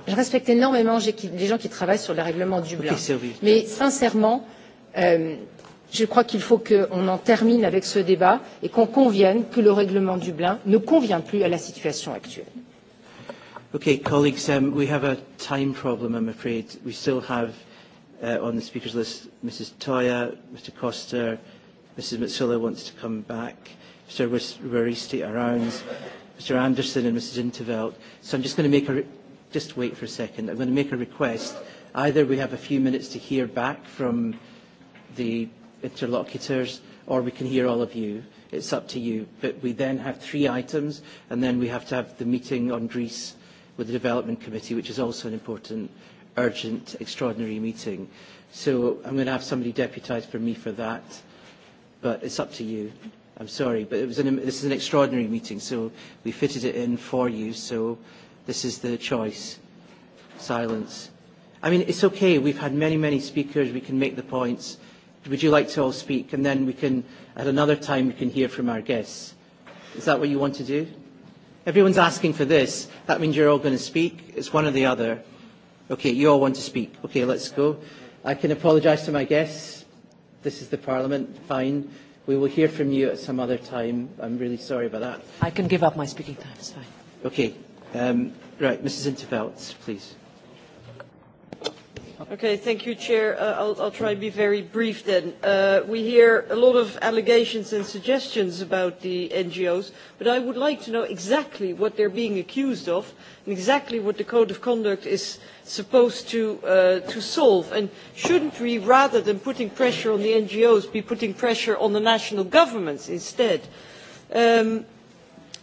je respecte énormément les gens qui travaillent sur le règlement Dublin. mais sincèrement, euh, je crois qu'il faut qu'on en termine avec ce débat et qu'on convienne que le règlement Dublin ne convient plus à la situation actuelle. Okay, colleagues, um, we have a time problem, I'm afraid. We still have uh, on the speakers list Mrs. Toya, Mr. Coster, Mrs. Mitsula wants to come back, Mr. Rariste Arounds, Mr. Anderson and Mrs. Intervelt. So I'm just going to make a, re just wait for a second. I'm going to make a request. Either we have a few minutes to hear back from the interlocutors, or we can hear all of you. It's up to you. But we then have three items, and then we have to have the meeting on Greece with the Development Committee, which is also an important, urgent, extraordinary meeting. So I'm going to have somebody deputised for me for that, but it's up to you. I'm sorry, but it was an, this is an extraordinary meeting, so we fitted it in for you, so this is the choice. Silence. I mean, it's okay. We've had many, many speakers. We can make the points. Would you like to all speak? And then we can, at another time, we can hear from our guests. Is that what you want to do? Everyone's asking for this. That means you're all going to speak. It's one or the other. Okay, you all want to speak. Okay, let's go. I can apologise to my guests. This is the Parliament. Fine. We will hear from you at some other time. I'm really sorry about that. I can give up my speaking time. It's fine. Okay. Um, right, Mrs. interfelt please. Okay, thank you, Chair. Uh, I'll, try to be very brief then. Uh, we hear a lot of allegations and suggestions about the NGOs, but I would like to know exactly what they're being accused of and exactly what the Code of Conduct is supposed to, uh, to solve. And shouldn't we, rather than putting pressure on the NGOs, be putting pressure on the national governments instead? Um,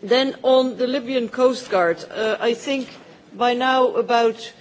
then on the Libyan Coast Guard, I think by now about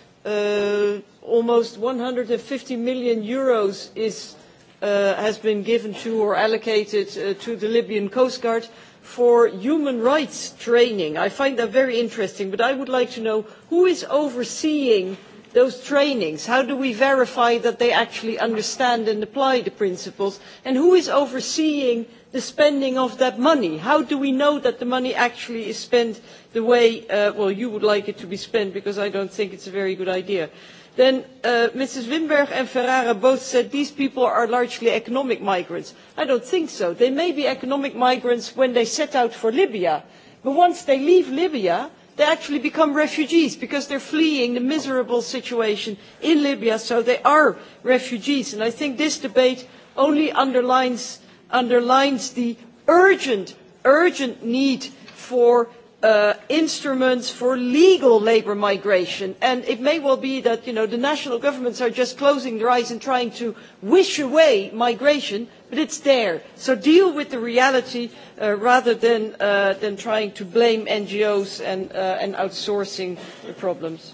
almost 150 million euros is, uh, has been given to or allocated uh, to the Libyan Coast Guard for human rights training. I find that very interesting, but I would like to know who is overseeing those trainings? How do we verify that they actually understand and apply the principles? And who is overseeing the spending of that money? How do we know that the money actually is spent the way, uh, well, you would like it to be spent because I don't think it's a very good idea then uh, mrs wimberg and ferrara both said these people are largely economic migrants. i don't think so. they may be economic migrants when they set out for libya but once they leave libya they actually become refugees because they are fleeing the miserable situation in libya so they are refugees and i think this debate only underlines, underlines the urgent urgent need for Uh, instruments for legal labour migration and it may well be that you know, the national governments are just closing their eyes and trying to wish away migration but it is there so deal with the reality uh, rather uh, than, trying to blame ngos and outsourcing the problems.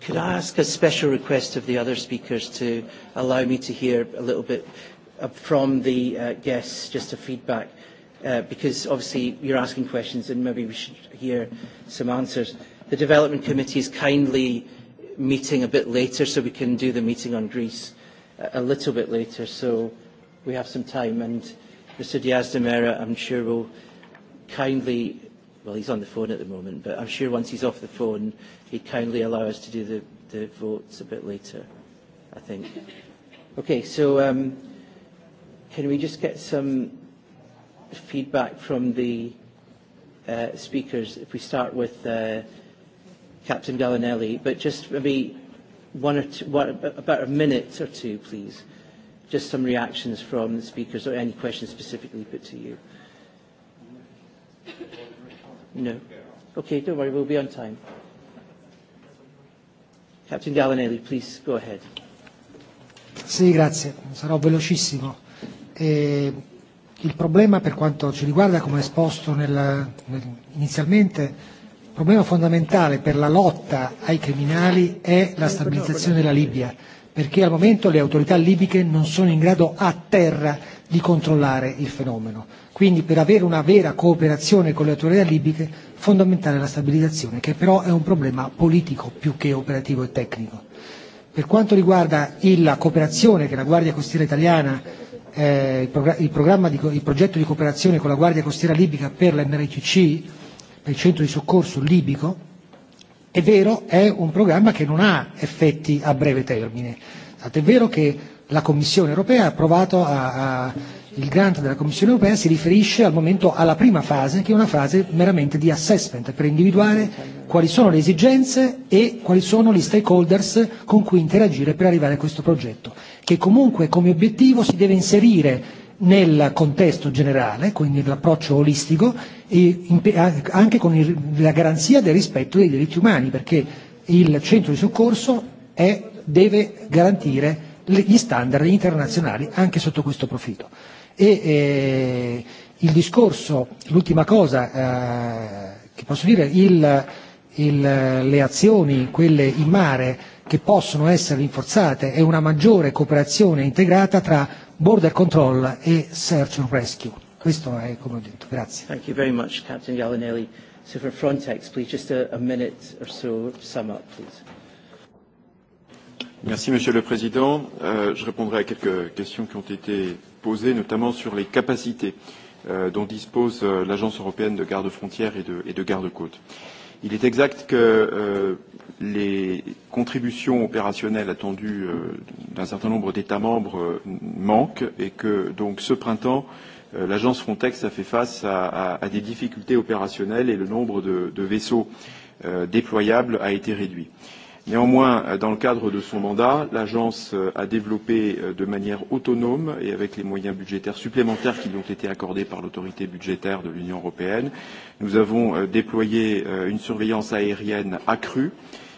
could i ask a special request of the other speakers to allow me to hear a little bit from the guests just a feedback? Uh, because obviously you're asking questions and maybe we should hear some answers. The Development Committee is kindly meeting a bit later so we can do the meeting on Greece a, little bit later. So we have some time and Mr Diaz de Mera I'm sure will kindly, well he's on the phone at the moment, but I'm sure once he's off the phone he'd kindly allow us to do the, the votes a bit later, I think. Okay, so um, can we just get some feedback from the uh, speakers, if we start with uh, Captain Gallinelli, but just maybe one or two, one, about a minute or two, please. Just some reactions from the speakers or any questions specifically put to you. No. Okay, don't worry, we'll be on time. Captain Gallinelli, please go ahead. Sì, grazie. Sarò velocissimo. Eh, Il problema per quanto ci riguarda, come esposto nel, inizialmente, il problema fondamentale per la lotta ai criminali è la stabilizzazione della Libia, perché al momento le autorità libiche non sono in grado a terra di controllare il fenomeno. Quindi per avere una vera cooperazione con le autorità libiche fondamentale è la stabilizzazione, che però è un problema politico più che operativo e tecnico. Per quanto riguarda la cooperazione che la Guardia Costiera Italiana Eh, il, programma di, il progetto di cooperazione con la Guardia Costiera Libica per l'MRCC, per il centro di soccorso libico, è vero, è un programma che non ha effetti a breve termine. Tant'è è vero che la Commissione europea ha approvato a il grant della Commissione europea si riferisce al momento alla prima fase, che è una fase meramente di assessment, per individuare quali sono le esigenze e quali sono gli stakeholders con cui interagire per arrivare a questo progetto che comunque come obiettivo si deve inserire nel contesto generale, quindi l'approccio olistico, e anche con la garanzia del rispetto dei diritti umani, perché il centro di soccorso è, deve garantire gli standard internazionali anche sotto questo profilo. E eh, il discorso, l'ultima cosa eh, che posso dire, il, il, le azioni, quelle in mare, che possono essere rinforzate e una maggiore cooperazione integrata tra border control e search and rescue. Questo è come ho detto. Grazie. Thank you very much, Captain Gallinelli. So for Frontex, please, just a, a minute or so, sum up, please. Merci, Monsieur le Président. Euh, je répondrai à quelques questions qui ont été posées, notamment sur les capacités euh, dont dispose euh, l'Agence européenne de garde-frontières et de, et de garde-côtes. Euh, Il est exact que euh, les contributions opérationnelles attendues euh, d'un certain nombre d'États membres euh, manquent et que donc ce printemps, euh, l'agence Frontex a fait face à, à, à, des difficultés opérationnelles et le nombre de, de vaisseaux euh, déployables a été réduit. Néanmoins, dans le cadre de son mandat, l'agence euh, a développé euh, de manière autonome et avec les moyens budgétaires supplémentaires qui lui ont été accordés par l'autorité budgétaire de l'Union européenne, nous avons euh, déployé une surveillance aérienne accrue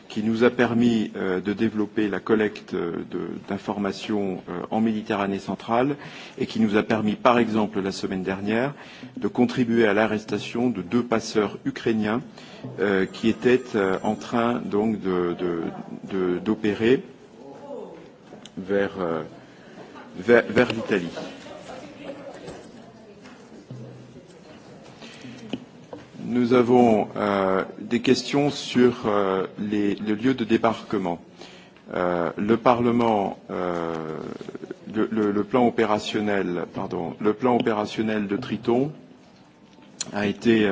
qui nous a permis de développer la collecte d'informations en Méditerranée centrale et qui nous a permis, par exemple, la semaine dernière, de contribuer à l'arrestation de deux passeurs ukrainiens Euh, qui était euh, en train donc de d'opérer de, de, vers, euh, vers vers l'Italie. Nous avons euh, des questions sur euh, les le lieu de débarquement. Le Parlement le, le, le plan opérationnel pardon le plan opérationnel de Triton a été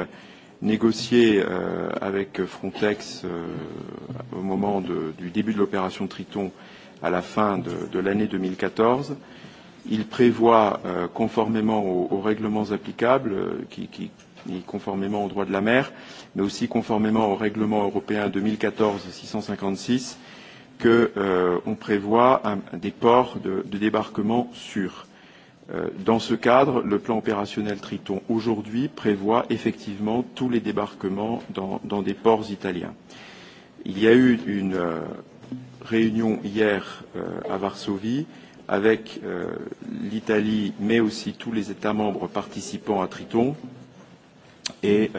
négocié euh, avec Frontex euh, au moment de, du début de l'opération Triton à la fin de, de l'année 2014. Il prévoit, euh, conformément aux, aux règlements applicables, euh, qui, qui, conformément au droit de la mer, mais aussi conformément au règlement européen 2014-656, qu'on euh, on prévoit un, des ports de, de débarquement sûrs Euh, dans ce cadre, le plan opérationnel Triton aujourd'hui prévoit effectivement tous les débarquements dans, dans des ports italiens. Il y a eu une euh, réunion hier euh, à Varsovie avec l'Italie, mais aussi tous les États membres participants à Triton, et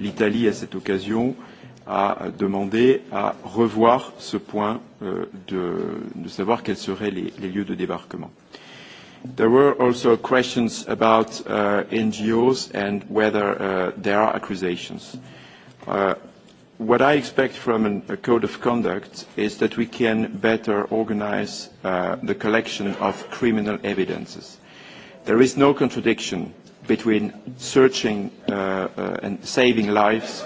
l'Italie, à cette occasion, a demandé à revoir ce point de, de savoir quels seraient les, les lieux de débarquement. There were also questions about uh, NGOs and whether uh, there are accusations. Uh, what I expect from a code of conduct is that we can better organize the collection of criminal evidences. There is no contradiction between searching and saving lives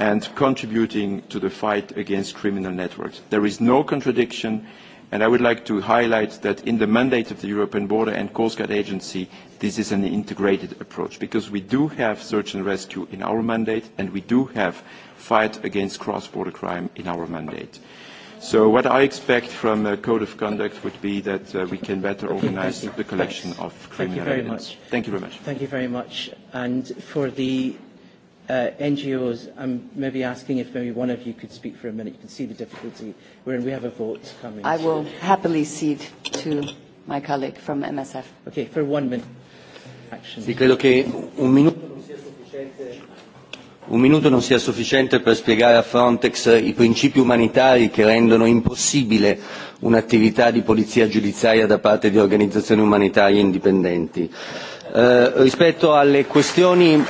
and contributing to the fight against criminal networks. There is no contradiction And I would like to highlight that in the mandate of the European Border and Coast Guard Agency, this is an integrated approach because we do have search and rescue in our mandate and we do have fight against cross-border crime in our mandate. So what I expect from a uh, code of conduct would be that uh, we can better organize the collection of criminal evidence. Thank you very much uh, NGOs, I'm maybe asking if maybe one of you could speak for a minute. You can see the difficulty wherein We have a vote coming. I will happily cede to my colleague from MSF. Okay, for one minute. Sì, credo che un minuto non sia sufficiente. Un minuto non sia sufficiente per spiegare a Frontex i principi umanitari che rendono impossibile un'attività di polizia giudiziaria da parte di organizzazioni umanitarie indipendenti. Eh, rispetto alle questioni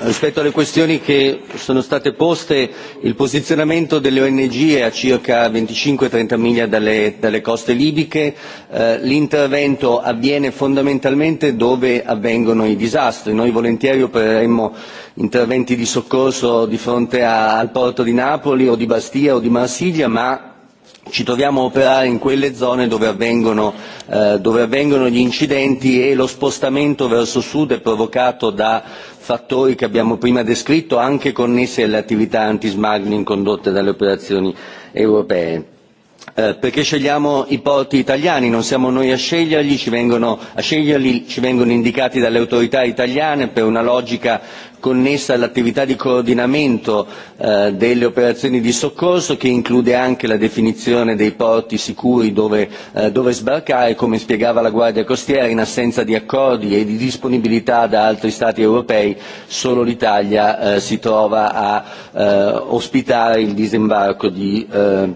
rispetto alle questioni che sono state poste il posizionamento delle ong è a circa venticinque 30 miglia dalle, dalle coste libiche eh, l'intervento avviene fondamentalmente dove avvengono i disastri noi volentieri opereremmo interventi di soccorso di fronte al porto di napoli o di bastia o di marsiglia ma ci troviamo a operare in quelle zone dove avvengono, eh, dove avvengono gli incidenti e lo spostamento verso sud è provocato da fattori che abbiamo prima descritto anche connessi alle attività antismuggling condotte dalle operazioni europee. Eh, perché scegliamo i porti italiani non siamo noi a sceglierli ci vengono, a sceglierli ci vengono indicati dalle autorità italiane per una logica connessa all'attività di coordinamento eh, delle operazioni di soccorso che include anche la definizione dei porti sicuri dove, eh, dove sbarcare come spiegava la guardia costiera in assenza di accordi e di disponibilità da altri stati europei solo l'italia eh, si trova a eh, ospitare il disembarco di eh,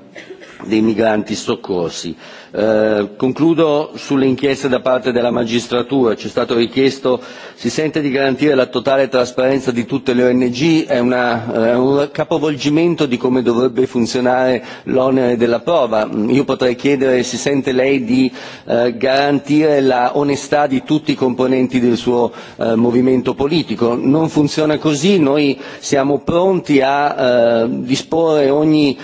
dei migranti soccorsi. Eh, concludo sulle inchieste da parte della magistratura. Ci è stato richiesto, si sente di garantire la totale trasparenza di tutte le ONG, è, un capovolgimento di come dovrebbe funzionare l'onere della prova. Mm, io potrei chiedere, si sente lei di eh, garantire la onestà di tutti i componenti del suo eh, movimento politico. Non funziona così, noi siamo pronti a disporre ogni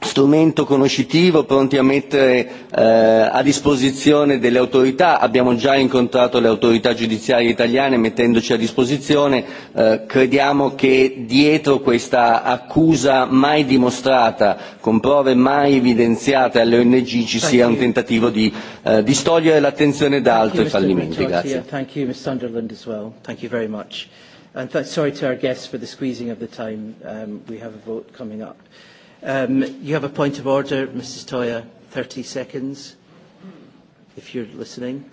strumento conoscitivo pronti a mettere eh, a disposizione delle autorità abbiamo già incontrato le autorità giudiziarie italiane mettendoci a disposizione eh, crediamo che dietro questa accusa mai dimostrata con prove mai evidenziate alle ONG ci sia un tentativo di eh, distogliere l'attenzione da altri fallimenti grazie sorry to our guests for the squeezing of the time um, we have a vote coming up Um, you have a point of order, Mrs. Toya, 30 seconds, if you're listening.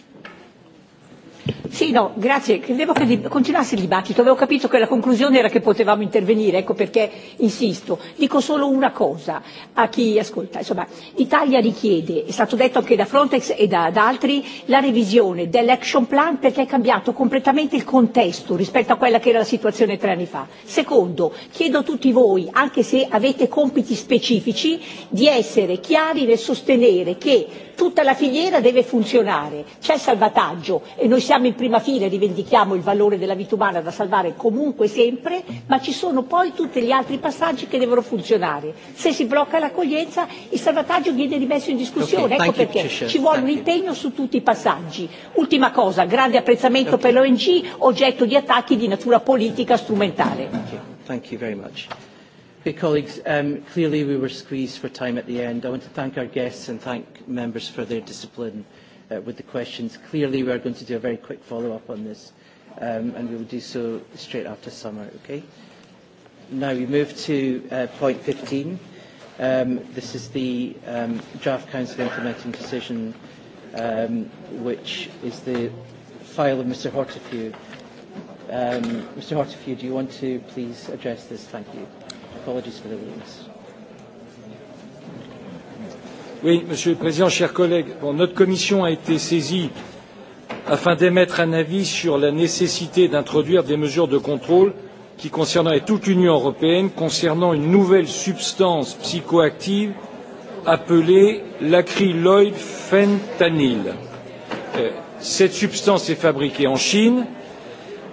Sì, no, grazie. Credevo che continuasse il dibattito. Avevo capito che la conclusione era che potevamo intervenire, ecco perché insisto. Dico solo una cosa a chi ascolta. Insomma, l'Italia richiede, è stato detto anche da Frontex e da, da altri, la revisione dell'action plan perché è cambiato completamente il contesto rispetto a quella che era la situazione tre anni fa. Secondo, chiedo a tutti voi, anche se avete compiti specifici, di essere chiari nel sostenere che tutta la filiera deve funzionare. C'è salvataggio e noi siamo siamo in prima fila e rivendichiamo il valore della vita umana da salvare comunque e sempre, ma ci sono poi tutti gli altri passaggi che devono funzionare. Se si blocca l'accoglienza il salvataggio viene rimesso in discussione, ecco perché ci vuole un impegno su tutti i passaggi. Ultima cosa, grande apprezzamento per l'ONG, oggetto di attacchi di natura politica strumentale. Thank you. Thank you very much. colleagues, um, clearly we were squeezed for time at the end. I want to thank our guests and thank members for their discipline. Uh, with the questions. Clearly, we are going to do a very quick follow-up on this, um, and we will do so straight after summer, okay? Now we move to uh, point 15. Um, this is the um, draft council implementing decision, um, which is the file of Mr. Hortefeux. Um, Mr. Hortefeux, do you want to please address this? Thank you. Apologies for the lateness. Monsieur le Président, chers collègues, notre commission a été saisie afin d'émettre un avis sur la nécessité d'introduire des mesures de contrôle qui concerneraient toute l'Union européenne concernant une nouvelle substance psychoactive appelée l'acryloïd fentanyl. Euh, cette substance est fabriquée en Chine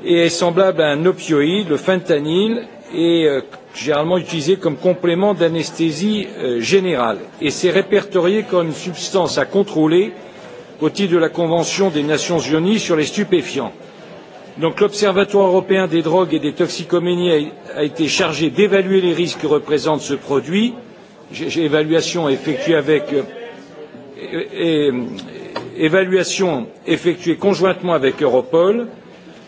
et est semblable à un opioïde, le fentanyl, et euh, généralement utilisé comme complément d'anesthésie euh, générale et c'est répertorié comme une substance à contrôler au titre de la Convention des Nations Unies sur les stupéfiants. Donc l'Observatoire européen des drogues et des toxicoménies a été chargé d'évaluer les risques que représente ce produit. Évaluation effectuée avec euh, évaluation effectuée conjointement avec Europol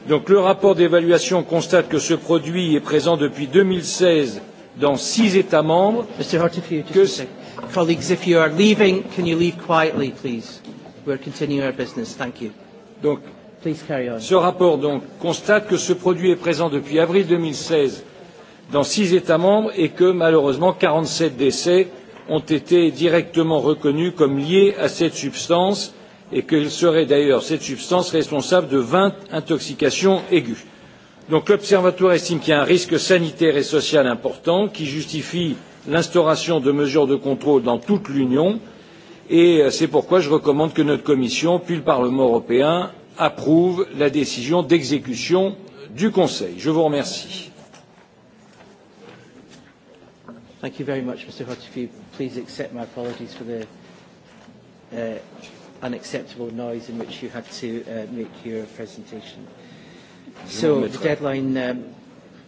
Donc le rapport d'évaluation constate que ce produit est présent depuis 2016 dans six États membres. que... if you are leaving, can you leave quietly, please? continuing our business. Thank you. Donc, please carry on. Ce rapport donc constate que ce produit est présent depuis avril 2016 dans six États membres et que malheureusement 47 décès ont été directement reconnus comme liés à cette substance et qu'elle serait d'ailleurs cette substance responsable de vingt intoxications aiguës. donc l'observatoire estime qu'il y a un risque sanitaire et social important qui justifie l'instauration de mesures de contrôle dans toute l'union et euh, c'est pourquoi je recommande que notre commission puis le parlement européen approuvent la décision d'exécution du conseil. je vous remercie. Thank you very much, Mr. Please accept my apologies for the uh, unacceptable noise in which you had to uh, make your presentation. So the deadline um,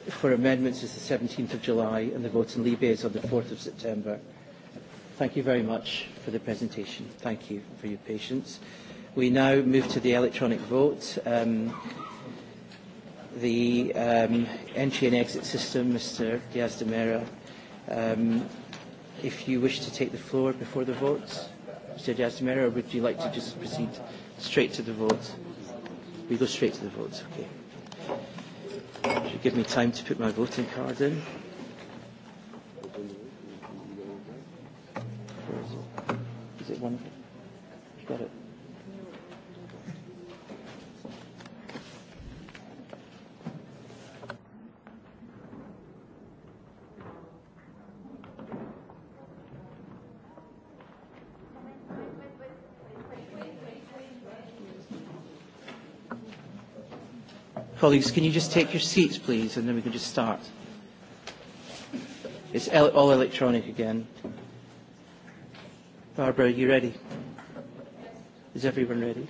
for amendments is the 17th of July and the vote in Libe is on the 4th of September. Thank you very much for the presentation. Thank you for your patience. We now move to the electronic vote. Um, the um, entry and exit system, Mr. Diaz de Mera. Um, if you wish to take the floor before the votes. Said yes, Mary, or would you like to just proceed straight to the vote? We go straight to the vote, okay. Should give me time to put my voting card in. Is it one? Got it. Colleagues, can you just take your seats, please, and then we can just start. It's ele all electronic again. Barbara, are you ready? Is everyone ready?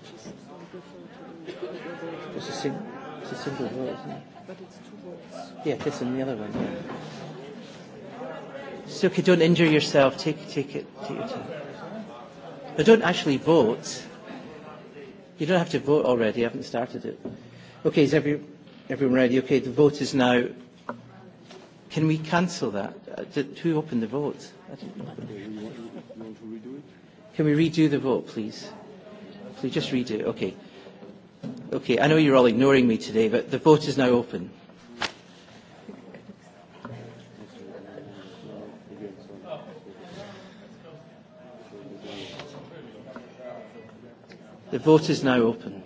It's a, sing it's a single vote, isn't it? But it's two votes. Yeah, this and the other one. Yeah. It's okay, don't injure yourself. Take, take it. Take your time. But don't actually vote. You don't have to vote already. I haven't started it. Okay, is every, everyone ready? Okay, the vote is now. Can we cancel that? Did, uh, who opened the vote? I don't know. Can we redo the vote, please? Please just redo. Okay. Okay, I know you're all ignoring me today, but the vote is now open. The vote is now open.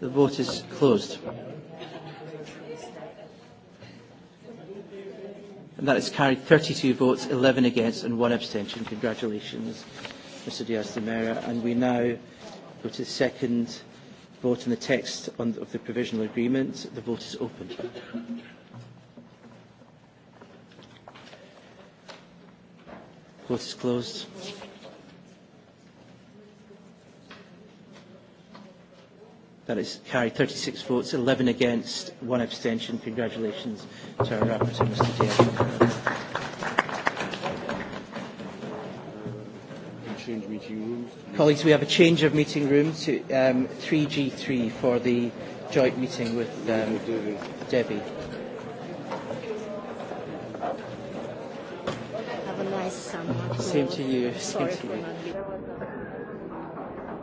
The vote is closed. And that is carried 32 votes, 11 against and one abstention. Congratulations, Mr Diaz de Mera. And we now go to the second vote on the text on, of the provisional agreement. The vote is open. Vote is closed. That is carried 36 votes, 11 against, one abstention. Congratulations to our rapporteur, Mr. Dale. Colleagues, we have a change of meeting room to um, 3G3 for the joint meeting with um, Debbie. Have a nice summer. Same to you. Same to you.